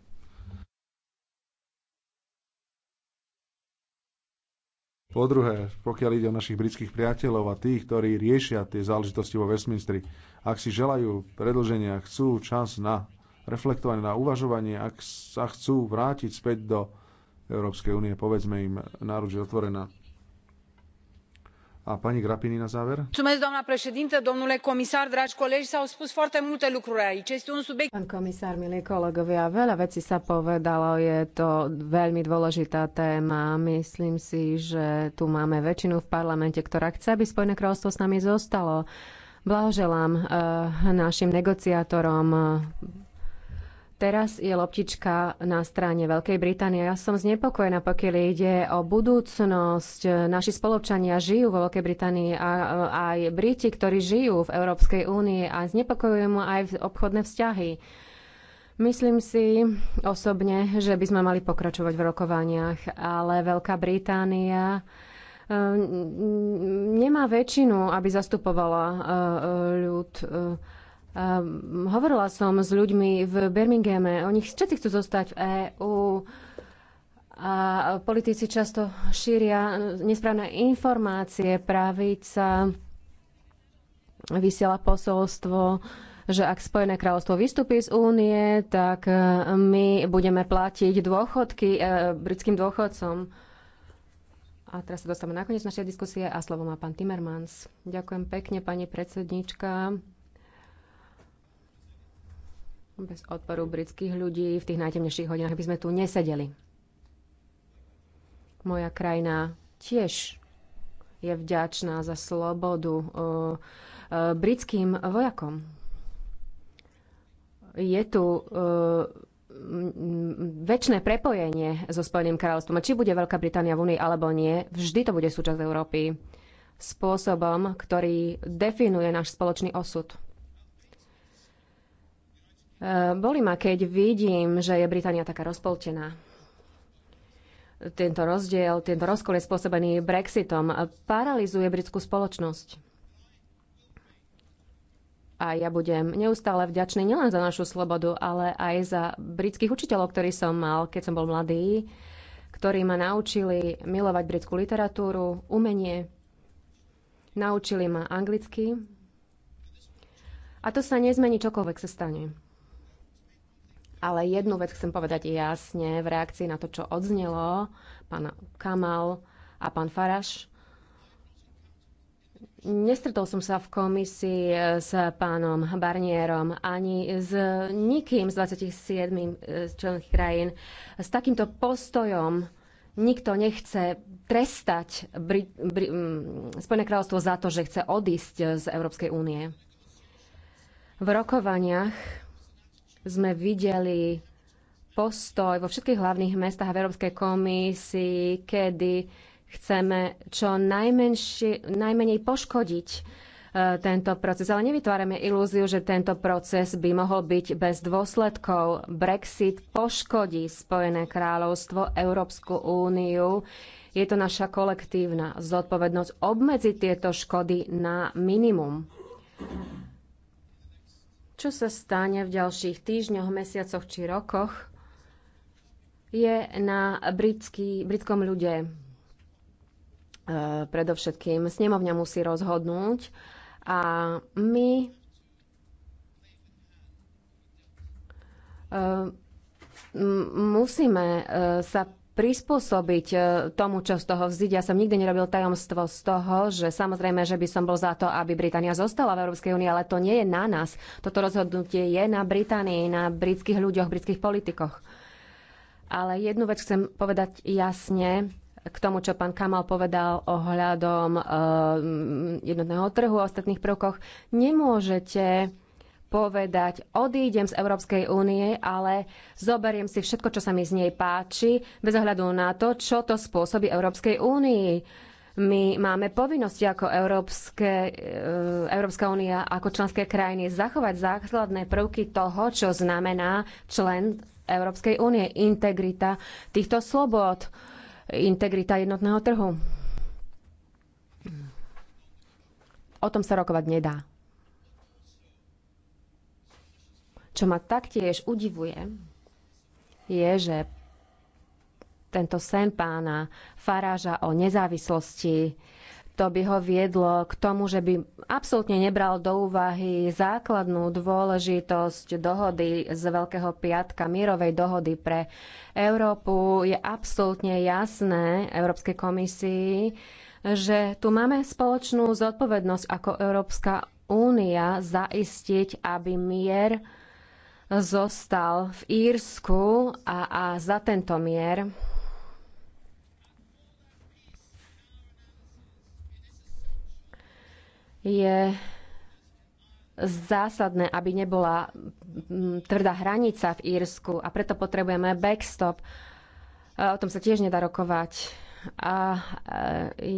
Po druhé, pokiaľ ide o našich britských priateľov a tých, ktorí riešia tie záležitosti vo Westminstri, ak si želajú predlženia, chcú čas na reflektovanie, na uvažovanie, ak sa chcú vrátiť späť do Európskej únie, povedzme im náruč otvorená pani grapini na záver. doamnă președintă domnule comisar dragi colegi s au spus foarte multe lucruri aici. este un subiect. pán komisár milí kolegovia veľa vecí sa povedalo je to veľmi dôležitá téma myslím si že tu máme väčšinu v parlamente ktorá chce aby spojené kráľovstvo s nami zostalo. blahoželám uh, našim negociátorom Teraz je loptička na strane Veľkej Británie. Ja som znepokojená, pokiaľ ide o budúcnosť. Naši spoločania žijú vo Veľkej Británii a aj Briti, ktorí žijú v Európskej únii a znepokojujú mu aj obchodné vzťahy. Myslím si osobne, že by sme mali pokračovať v rokovaniach, ale Veľká Británia e, nemá väčšinu, aby zastupovala e, e, ľud Um, hovorila som s ľuďmi v Birminghame, oni všetci chcú zostať v EÚ a politici často šíria nesprávne informácie, pravica vysiela posolstvo, že ak Spojené kráľovstvo vystúpi z únie, tak e, my budeme platiť dôchodky e, britským dôchodcom. A teraz sa dostávame na koniec našej diskusie a slovo má pán Timmermans. Ďakujem pekne, pani predsednička. Bez odporu britských ľudí v tých najtemnejších hodinách by sme tu nesedeli. Moja krajina tiež je vďačná za slobodu eh, eh, britským vojakom. Je tu eh, väčšie prepojenie so Spojeným kráľovstvom. či bude Veľká Británia v Unii alebo nie, vždy to bude súčasť Európy spôsobom, ktorý definuje náš spoločný osud. Boli ma, keď vidím, že je Británia taká rozpoltená. Tento rozdiel, tento rozkol je spôsobený Brexitom. Paralizuje britskú spoločnosť. A ja budem neustále vďačný nielen za našu slobodu, ale aj za britských učiteľov, ktorí som mal, keď som bol mladý, ktorí ma naučili milovať britskú literatúru, umenie, naučili ma anglicky. A to sa nezmení, čokoľvek sa stane. Ale jednu vec chcem povedať jasne v reakcii na to, čo odznelo pán Kamal a pán Faraš. Nestretol som sa v komisii s pánom Barnierom ani s nikým z 27 eh, členských krajín. S takýmto postojom nikto nechce trestať Brit- Bri- mm, Spojené kráľovstvo za to, že chce odísť z Európskej únie. V rokovaniach sme videli postoj vo všetkých hlavných mestách a v Európskej komisii, kedy chceme čo najmenej poškodiť e, tento proces. Ale nevytvárame ilúziu, že tento proces by mohol byť bez dôsledkov. Brexit poškodí Spojené kráľovstvo, Európsku úniu. Je to naša kolektívna zodpovednosť obmedziť tieto škody na minimum čo sa stane v ďalších týždňoch, mesiacoch či rokoch, je na britský, britskom ľude. E, predovšetkým snemovňa musí rozhodnúť a my e, musíme e, sa prispôsobiť e, tomu, čo z toho vzíde. Ja som nikdy nerobil tajomstvo z toho, že samozrejme, že by som bol za to, aby Británia zostala v Európskej únii, ale to nie je na nás. Toto rozhodnutie je na Británii, na britských ľuďoch, britských politikoch. Ale jednu vec chcem povedať jasne k tomu, čo pán Kamal povedal ohľadom e, jednotného trhu a ostatných prvkoch. Nemôžete povedať, odídem z Európskej únie, ale zoberiem si všetko, čo sa mi z nej páči, bez ohľadu na to, čo to spôsobí Európskej únii. My máme povinnosti ako Európske, e, Európska únia, ako členské krajiny zachovať základné prvky toho, čo znamená člen Európskej únie, integrita týchto slobod, integrita jednotného trhu. O tom sa rokovať nedá. Čo ma taktiež udivuje, je, že tento sen pána Faráža o nezávislosti, to by ho viedlo k tomu, že by absolútne nebral do úvahy základnú dôležitosť dohody z Veľkého piatka, mírovej dohody pre Európu. Je absolútne jasné Európskej komisii, že tu máme spoločnú zodpovednosť ako Európska únia zaistiť, aby mier zostal v Írsku a, a za tento mier. Je zásadné, aby nebola mm, tvrdá hranica v Írsku a preto potrebujeme backstop. E, o tom sa tiež nedá rokovať. A e,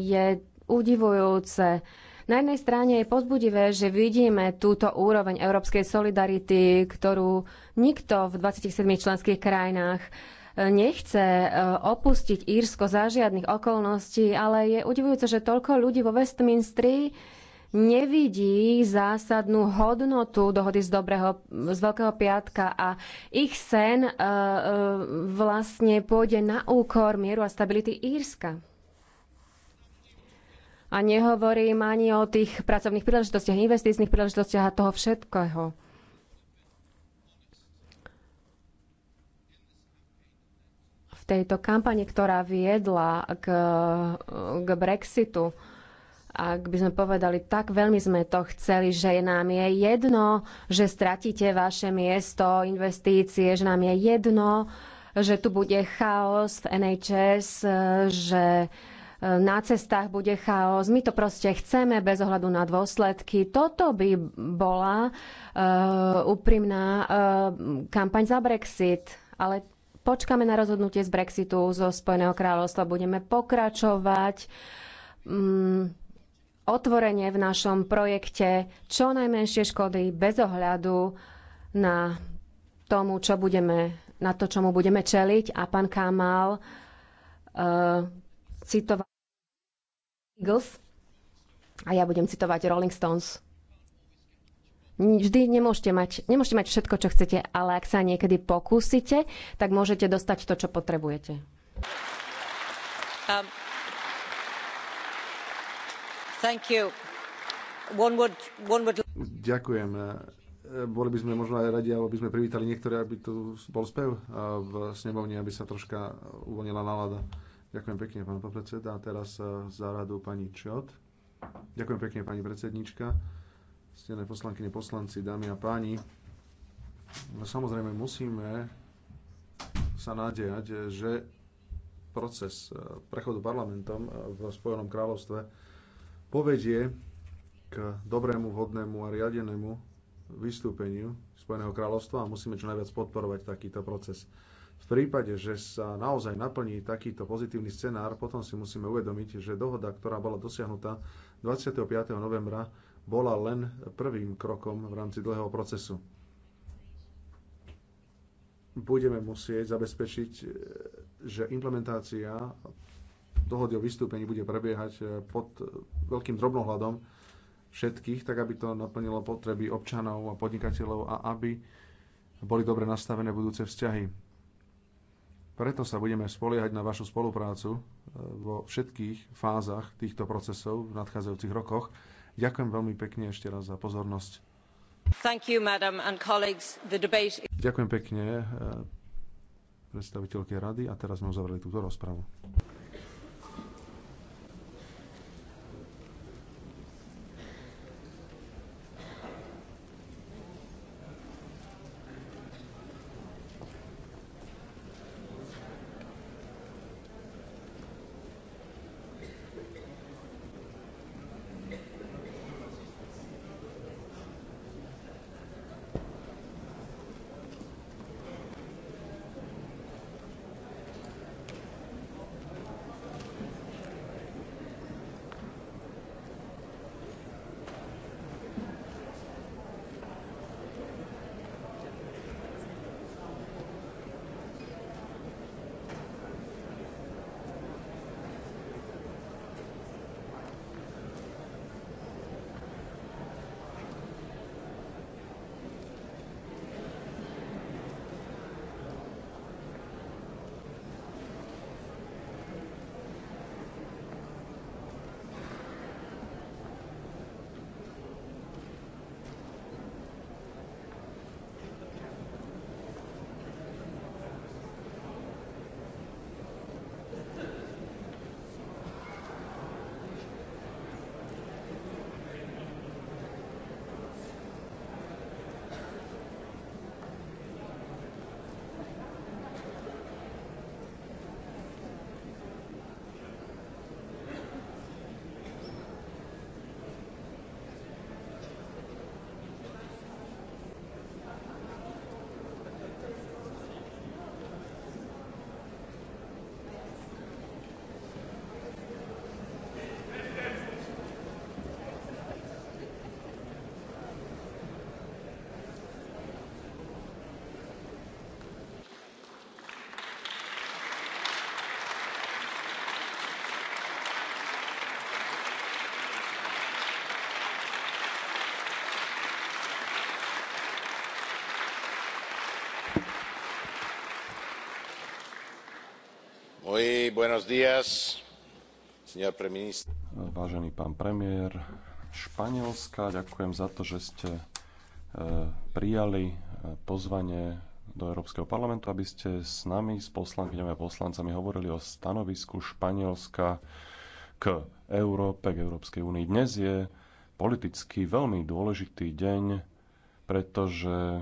je udivujúce, na jednej strane je pozbudivé, že vidíme túto úroveň európskej solidarity, ktorú nikto v 27 členských krajinách e, nechce e, opustiť Írsko za žiadnych okolností, ale je udivujúce, že toľko ľudí vo Westminstri nevidí zásadnú hodnotu dohody z, dobrého, z Veľkého piatka a ich sen e, e, vlastne pôjde na úkor mieru a stability Írska. A nehovorím ani o tých pracovných príležitostiach, investičných príležitostiach a toho všetkého. V tejto kampani, ktorá viedla k, k Brexitu, ak by sme povedali, tak veľmi sme to chceli, že nám je jedno, že stratíte vaše miesto, investície, že nám je jedno, že tu bude chaos v NHS, že uh, na cestách bude chaos. My to proste chceme bez ohľadu na dôsledky. Toto by bola uh, úprimná uh, kampaň za Brexit. Ale počkáme na rozhodnutie z Brexitu zo Spojeného kráľovstva. Budeme pokračovať. Um, mm, otvorenie v našom projekte čo najmenšie škody bez ohľadu na tomu, čo budeme, na to, čomu budeme čeliť. A pán Kamal uh, e, citoval Eagles a ja budem citovať Rolling Stones. Vždy nemôžete mať, nemôžete mať všetko, čo chcete, ale ak sa niekedy pokúsite, tak môžete dostať to, čo potrebujete. Um, thank you. One would, one would... Ďakujem boli by sme možno aj radi, aby sme privítali niektoré, aby tu bol spev v snemovni, aby sa troška uvoľnila nálada. Ďakujem pekne, pán podpredseda. Teraz e, za radu pani Čot. Ďakujem pekne, pani predsednička. Stené poslankyne, poslanci, dámy a páni. No, samozrejme, musíme sa nádejať, že proces e, prechodu parlamentom e, v Spojenom kráľovstve povedie k dobrému, vhodnému a riadenému vystúpeniu Spojeného kráľovstva a musíme čo najviac podporovať takýto proces. V prípade, že sa naozaj naplní takýto pozitívny scenár, potom si musíme uvedomiť, že dohoda, ktorá bola dosiahnutá 25. novembra, bola len prvým krokom v rámci dlhého procesu. Budeme musieť zabezpečiť, že implementácia dohody o vystúpení bude prebiehať pod veľkým drobnohľadom všetkých, tak aby to naplnilo potreby občanov a podnikateľov a aby boli dobre nastavené budúce vzťahy preto sa budeme spoliehať na vašu spoluprácu e, vo všetkých fázach týchto procesov v nadchádzajúcich rokoch. Ďakujem veľmi pekne ešte raz za pozornosť. You, madam, debate... Ďakujem pekne e, predstaviteľke rady a teraz sme uzavreli túto rozpravu. Vážený pán premiér Španielska, ďakujem za to, že ste e, prijali e, pozvanie do Európskeho parlamentu, aby ste s nami, s poslankyňami a poslancami hovorili o stanovisku Španielska k Európe, k Európskej únii. Dnes je politicky veľmi dôležitý deň, pretože e,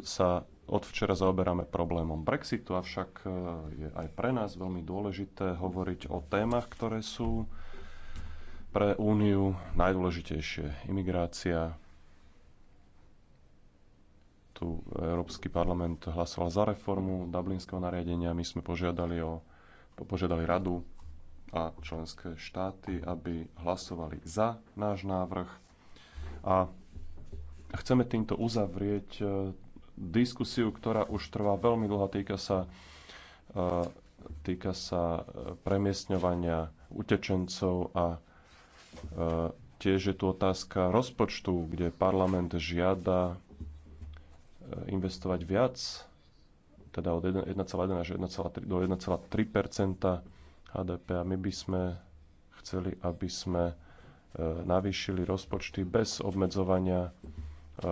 sa od včera zaoberáme problémom Brexitu, avšak e, je aj pre nás veľmi dôležité hovoriť o témach, ktoré sú pre Úniu najdôležitejšie. Imigrácia. Tu Európsky parlament hlasoval za reformu Dublinského nariadenia. My sme požiadali, o, požiadali radu a členské štáty, aby hlasovali za náš návrh. A chceme týmto uzavrieť e, diskusiu, ktorá už trvá veľmi dlho, týka sa, e, týka sa e, premiestňovania utečencov a e, tiež je tu otázka rozpočtu, kde parlament žiada investovať viac, teda od 1,1 až 1,3, do 1,3 HDP a my by sme chceli, aby sme navýšili rozpočty bez obmedzovania Eh,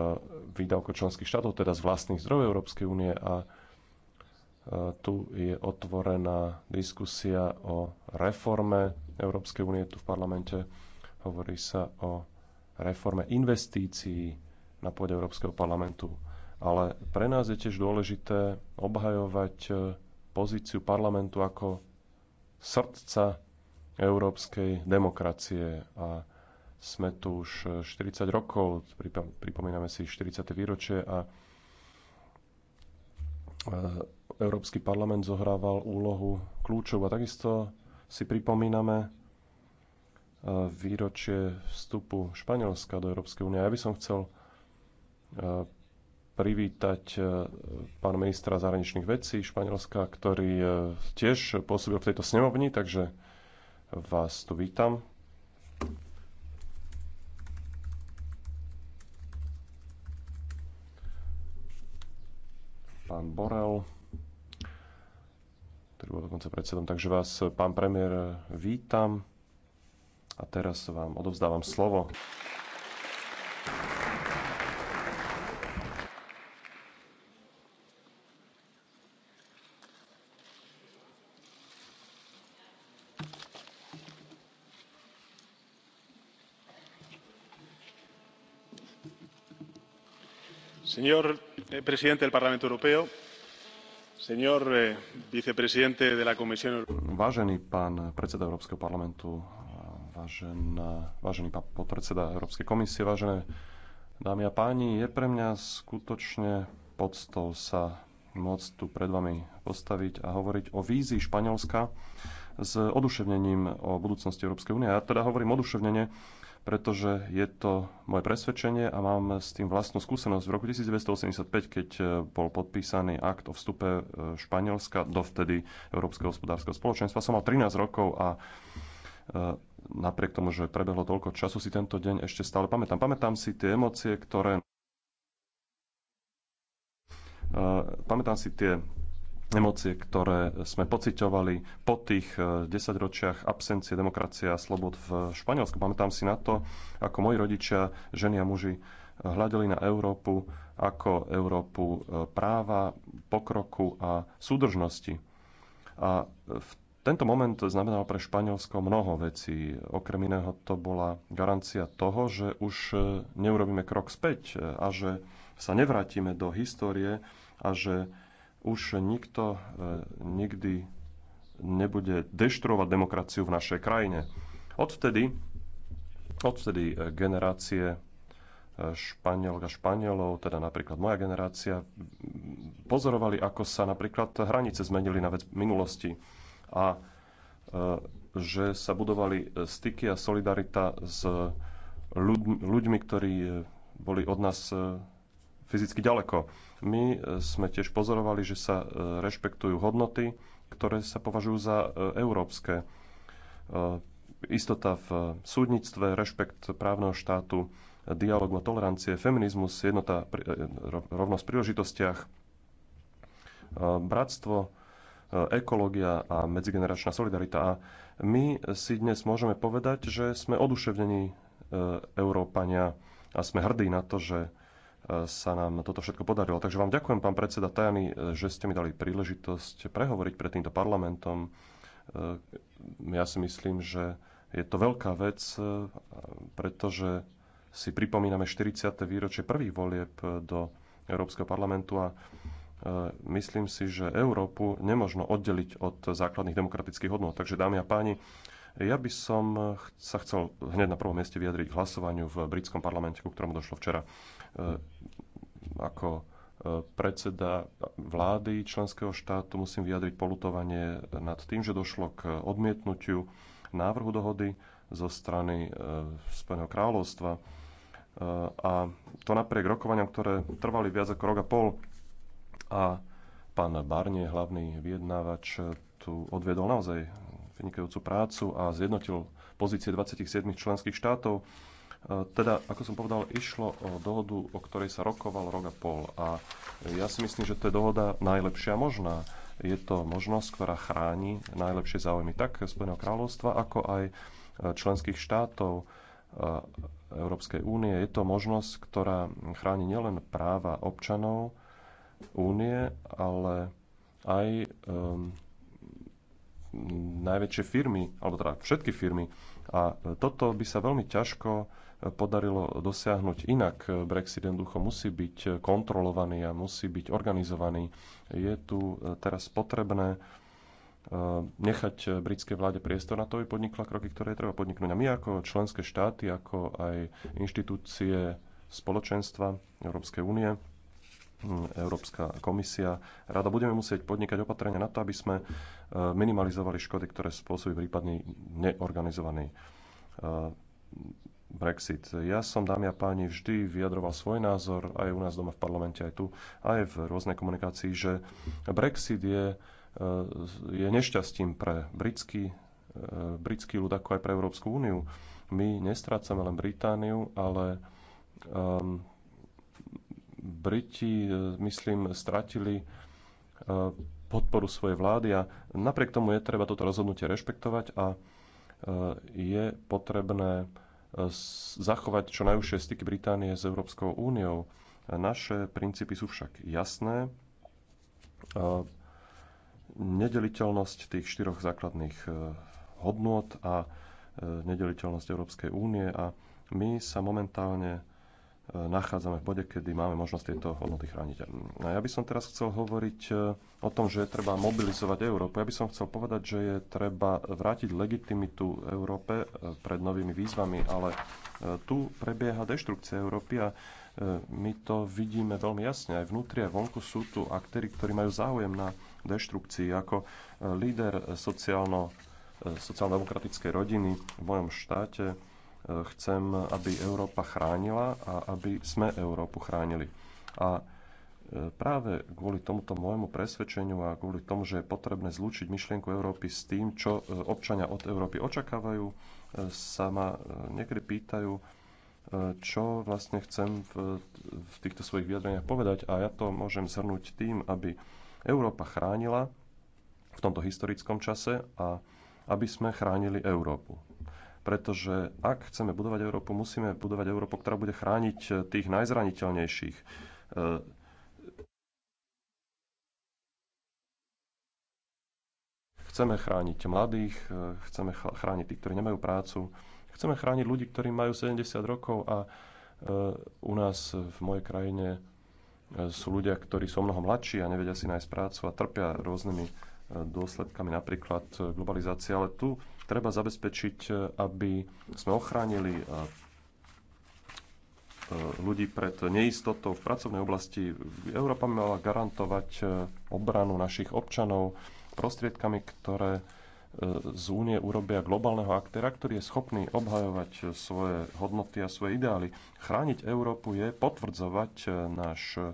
výdavkov členských štátov, teda z vlastných zdrojov Európskej únie a eh, tu je otvorená diskusia o reforme Európskej únie tu v parlamente. Hovorí sa o reforme investícií na pôde Európskeho parlamentu. Ale pre nás je tiež dôležité obhajovať eh, pozíciu parlamentu ako srdca európskej demokracie a sme tu už 40 eh, rokov, pripomíname si 40. výročie a eh, Európsky parlament zohrával úlohu kľúčov a takisto si pripomíname eh, výročie vstupu Španielska do Európskej únie. Ja by som chcel privítať pán ministra zahraničných vecí Španielska, ktorý tiež pôsobil v tejto snemovni, takže vás tu vítam. pán Borel, ktorý bol dokonca predsedom. Takže vás, pán premiér, vítam a teraz vám odovzdávam slovo. Señor Eh, presidente del Parlamento Europeo, señor eh, vicepresidente de la Comisión Europea. Vážený pán predseda Európskeho parlamentu, vážená, vážený pán podpredseda Európskej komisie, vážené dámy a páni, je pre mňa skutočne podstou sa môcť tu pred vami postaviť a hovoriť o vízii Španielska s oduševnením o budúcnosti Európskej únie. Ja teda hovorím oduševnenie, pretože je to moje presvedčenie a mám s tým vlastnú skúsenosť. V roku 1985, keď e, bol podpísaný akt o vstupe e, Španielska do vtedy Európskeho hospodárskeho spoločenstva, som mal 13 rokov a e, napriek tomu, že prebehlo toľko času, si tento deň ešte stále pamätám. Pamätám si tie emócie, ktoré pamätám si tie emócie, ktoré sme pociťovali po tých e, desaťročiach absencie demokracie a slobod v Španielsku. Pamätám si na to, ako moji rodičia, ženy a muži, e, hľadeli na Európu ako Európu e, práva, pokroku a súdržnosti. A v tento moment znamenal pre Španielsko mnoho vecí. Okrem iného to bola garancia toho, že už neurobíme krok späť a že sa nevrátime do histórie a že už nikto e, nikdy nebude deštruovať demokraciu v našej krajine. Odvtedy, odvtedy e, generácie e, Španielok a Španielov, teda napríklad moja generácia, pozorovali, ako sa napríklad hranice zmenili na vec minulosti a že sa budovali styky a solidarita s ľuďmi, ktorí boli od nás fyzicky ďaleko. My e, sme tiež pozorovali, že sa e, rešpektujú hodnoty, ktoré sa považujú za e, európske. Istota v súdnictve, rešpekt právneho štátu, dialog o tolerancie, feminizmus, jednota, rovnosť v príležitostiach, bratstvo, ekológia a medzigeneračná solidarita. A my si dnes môžeme povedať, že sme oduševnení Európania a sme hrdí na to, že sa nám toto všetko podarilo. Takže vám ďakujem, pán predseda Tajany, že ste mi dali príležitosť prehovoriť pred týmto parlamentom. E, ja si myslím, že je to veľká vec, e, pretože si pripomíname 40. výročie prvých volieb do Európskeho parlamentu a e, myslím si, že Európu nemožno oddeliť od základných demokratických hodnot. Takže dámy a páni, ja by som sa chcel hneď na prvom mieste vyjadriť k hlasovaniu v britskom parlamente, ku ktorému došlo včera. E, ako e, predseda vlády členského štátu musím vyjadriť polutovanie nad tým, že došlo k odmietnutiu návrhu dohody zo strany e, Spojeného kráľovstva. A to napriek rokovaniam, ktoré trvali viac ako rok a pol. A pán Barnie, hlavný vyjednávač, tu odviedol naozaj vynikajúcu prácu a zjednotil pozície 27 členských štátov E, teda, ako som povedal, išlo o dohodu, o ktorej sa rokoval rok a pol. A ja si myslím, že to je dohoda najlepšia možná. Je to možnosť, ktorá chráni najlepšie záujmy tak Spojeného kráľovstva, ako aj e, členských štátov e, Európskej únie. Je to možnosť, ktorá chráni nielen práva občanov únie, ale aj um, najväčšie firmy, alebo teda všetky firmy. A toto by sa veľmi ťažko podarilo dosiahnuť inak. Eh, Brexit jednoducho musí byť eh, kontrolovaný a musí byť organizovaný. Je tu eh, teraz potrebné nechať britskej vláde priestor na to, aby podnikla kroky, ktoré treba podniknúť. A my ako členské štáty, ako aj inštitúcie spoločenstva Európskej únie, hm, Európska komisia, rada budeme musieť podnikať opatrenia na to, aby sme minimalizovali škody, ktoré spôsobí prípadne neorganizovaný Brexit. Ja som, dámy a páni, vždy vyjadroval svoj názor aj u nás doma v parlamente, aj tu, aj v rôznej komunikácii, že Brexit je, e, je nešťastím pre britský, e, britský ľud, ako aj pre Európsku úniu. My nestrácame len Britániu, ale um, Briti, e, myslím, stratili uh, podporu svojej vlády a napriek tomu je treba toto rozhodnutie rešpektovať a uh, je potrebné zachovať čo najúžšie styky Británie s Európskou úniou. Naše princípy sú však jasné. Nedeliteľnosť tých štyroch základných e, hodnôt a e, nedeliteľnosť Európskej únie a my sa momentálne nachádzame v bode, kedy máme možnosť tieto hodnoty chrániť. A ja by som teraz chcel hovoriť e, o tom, že je treba mobilizovať Európu. Ja by som chcel povedať, že je treba vrátiť legitimitu Európe e, pred novými výzvami, ale e, tu prebieha deštrukcia Európy a my to vidíme veľmi jasne. Aj vnútri, aj vonku sú tu aktéry, ktorí majú záujem na deštrukcii. Ako líder sociálno, sociálno-demokratickej rodiny v mojom štáte Chcem, aby Európa chránila a aby sme Európu chránili. A e, práve kvôli tomuto môjmu presvedčeniu a kvôli tomu, že je potrebné zlúčiť myšlienku Európy s tým, čo e, občania od Európy očakávajú, e, sa ma niekedy pýtajú, čo vlastne chcem v, v týchto svojich vyjadreniach povedať. A ja to môžem zhrnúť tým, aby Európa chránila v tomto historickom čase a aby sme chránili Európu pretože ak chceme budovať Európu, musíme budovať Európu, ktorá bude chrániť eh, tých najzraniteľnejších. Eh, chceme chrániť mladých, eh, chceme chrániť tých, ktorí nemajú prácu, chceme chrániť ľudí, ktorí majú 70 rokov a u nás v mojej krajine sú ľudia, ktorí sú mnoho mladší a nevedia si nájsť prácu a trpia rôznymi dôsledkami, napríklad globalizácie. Ale tu Treba zabezpečiť, e, aby sme ochránili e, e, ľudí pred neistotou v pracovnej oblasti. Európa by mala garantovať obranu našich občanov prostriedkami, ktoré z únie urobia globálneho aktéra, ktorý je schopný obhajovať svoje hodnoty a svoje ideály. Chrániť Európu je potvrdzovať náš,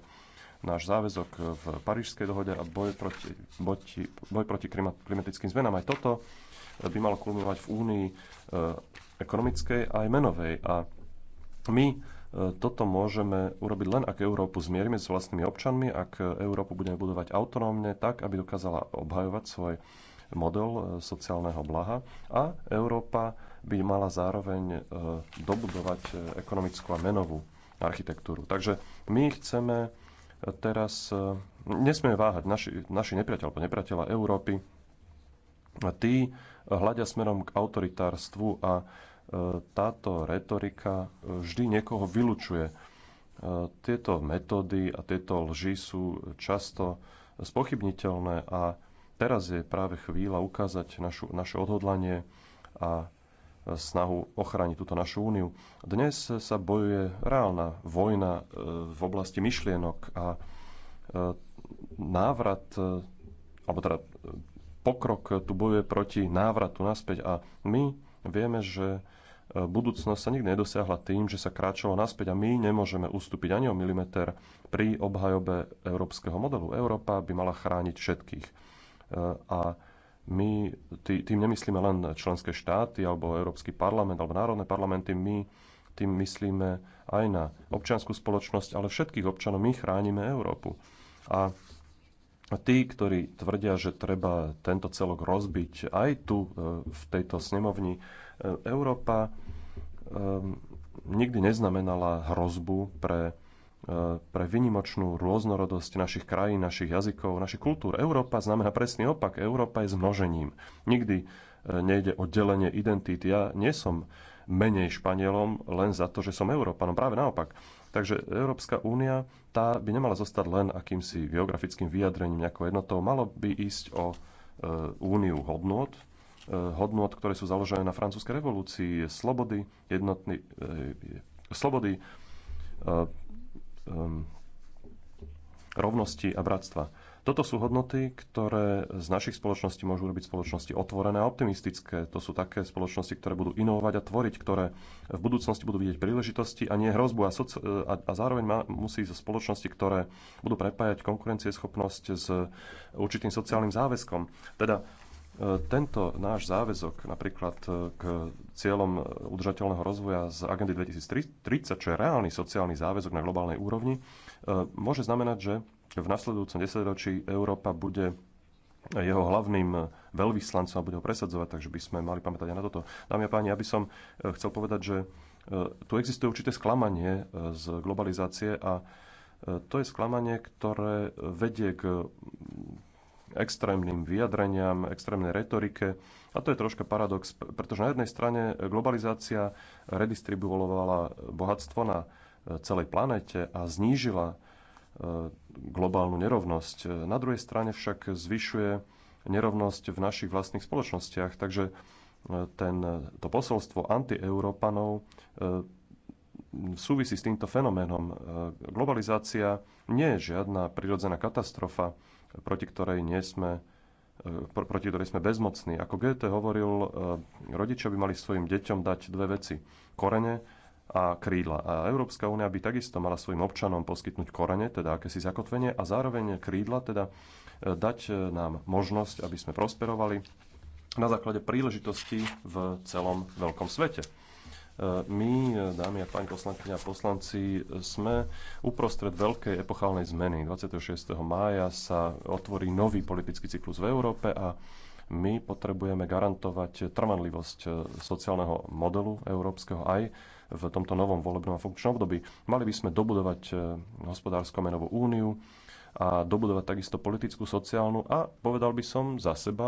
náš záväzok v Parížskej dohode a boj proti, boj, boj proti klimatickým zmenám. Aj toto by malo kulminovať v únii e, ekonomickej a aj menovej. A my e, toto môžeme urobiť len, ak Európu zmierime s vlastnými občanmi, ak Európu budeme budovať autonómne, tak, aby dokázala obhajovať svoj model e, sociálneho blaha a Európa by mala zároveň dobudovať ekonomickú a menovú architektúru. Takže my chceme teraz, nesmieme váhať, naši, naši nepriateľ, alebo nepriateľa Európy, tí hľadia smerom k autoritárstvu a e, táto retorika e, vždy niekoho vylučuje. E, tieto metódy a tieto lži sú často spochybniteľné a teraz je práve chvíľa ukázať našu, naše odhodlanie a snahu ochrániť túto našu úniu. Dnes sa bojuje reálna vojna v oblasti myšlienok a návrat, alebo teda pokrok e, tu bojuje proti návratu naspäť a my vieme, že e, budúcnosť sa nikdy nedosiahla tým, že sa kráčalo naspäť a my nemôžeme ustúpiť ani o milimeter pri obhajobe európskeho modelu. Európa by mala chrániť všetkých. E, a my tým nemyslíme len členské štáty alebo Európsky parlament alebo národné parlamenty, my tým myslíme aj na občianskú spoločnosť, ale všetkých občanov my chránime Európu. A tí, ktorí tvrdia, že treba tento celok rozbiť aj tu e, v tejto snemovni, e, Európa e, nikdy neznamenala hrozbu pre, pre vynimočnú rôznorodosť našich krajín, našich jazykov, našich kultúr. Európa znamená presný opak. Európa je zmnožením. Nikdy nejde o delenie identity. Ja nie som menej Španielom len za to, že som Európanom. Práve naopak Takže Európska únia tá by nemala zostať len akýmsi geografickým vyjadrením nejakou jednotou. Malo by ísť o e, úniu hodnot. e, hodnôt, ktoré sú založené na francúzskej revolúcii, slobody, jednotný, e, slobody, e, e, rovnosti a bratstva. Toto sú hodnoty, ktoré z našich spoločností môžu robiť spoločnosti otvorené a optimistické. To sú také spoločnosti, ktoré budú inovovať a tvoriť, ktoré v budúcnosti budú vidieť príležitosti a nie hrozbu. A, soci- a, a zároveň má, musí zo spoločnosti, ktoré budú prepájať konkurencieschopnosť s určitým sociálnym záväzkom. Teda e, tento náš záväzok napríklad e, k cieľom udržateľného rozvoja z agendy 2030, čo je reálny sociálny záväzok na globálnej úrovni, e, môže znamenať, že v nasledujúcom desaťročí Európa bude jeho hlavným veľvyslancom a bude ho presadzovať, takže by sme mali pamätať aj na toto. Dámy a páni, ja by som eh, chcel povedať, že eh, tu existuje určité sklamanie eh, z globalizácie a to je sklamanie, ktoré vedie k mm, extrémnym vyjadreniam, extrémnej retorike. A to je troška paradox, pretože na jednej strane globalizácia redistribuovala bohatstvo na celej planete a znížila globálnu nerovnosť. Na druhej strane však zvyšuje nerovnosť v našich vlastných spoločnostiach. Takže e, ten, to posolstvo antieurópanov e, súvisí s týmto fenoménom. E, globalizácia nie je žiadna prirodzená katastrofa, proti ktorej nie sme proti ktorej sme bezmocní. Ako GT hovoril, rodičia by mali svojim deťom dať dve veci. Korene a krídla. A Európska únia by takisto mala svojim občanom poskytnúť korene, teda akési zakotvenie a zároveň krídla, teda e, dať e, nám možnosť, aby sme prosperovali na základe príležitostí v celom veľkom svete. E, my, dámy a páni poslankyňa a poslanci, sme uprostred veľkej epochálnej zmeny. 26. mája sa otvorí nový politický cyklus v Európe a my potrebujeme garantovať trvanlivosť sociálneho modelu európskeho aj v tomto novom volebnom a funkčnom období. Mali by sme dobudovať e, hospodársko-menovú úniu a dobudovať takisto politickú, sociálnu a povedal by som za seba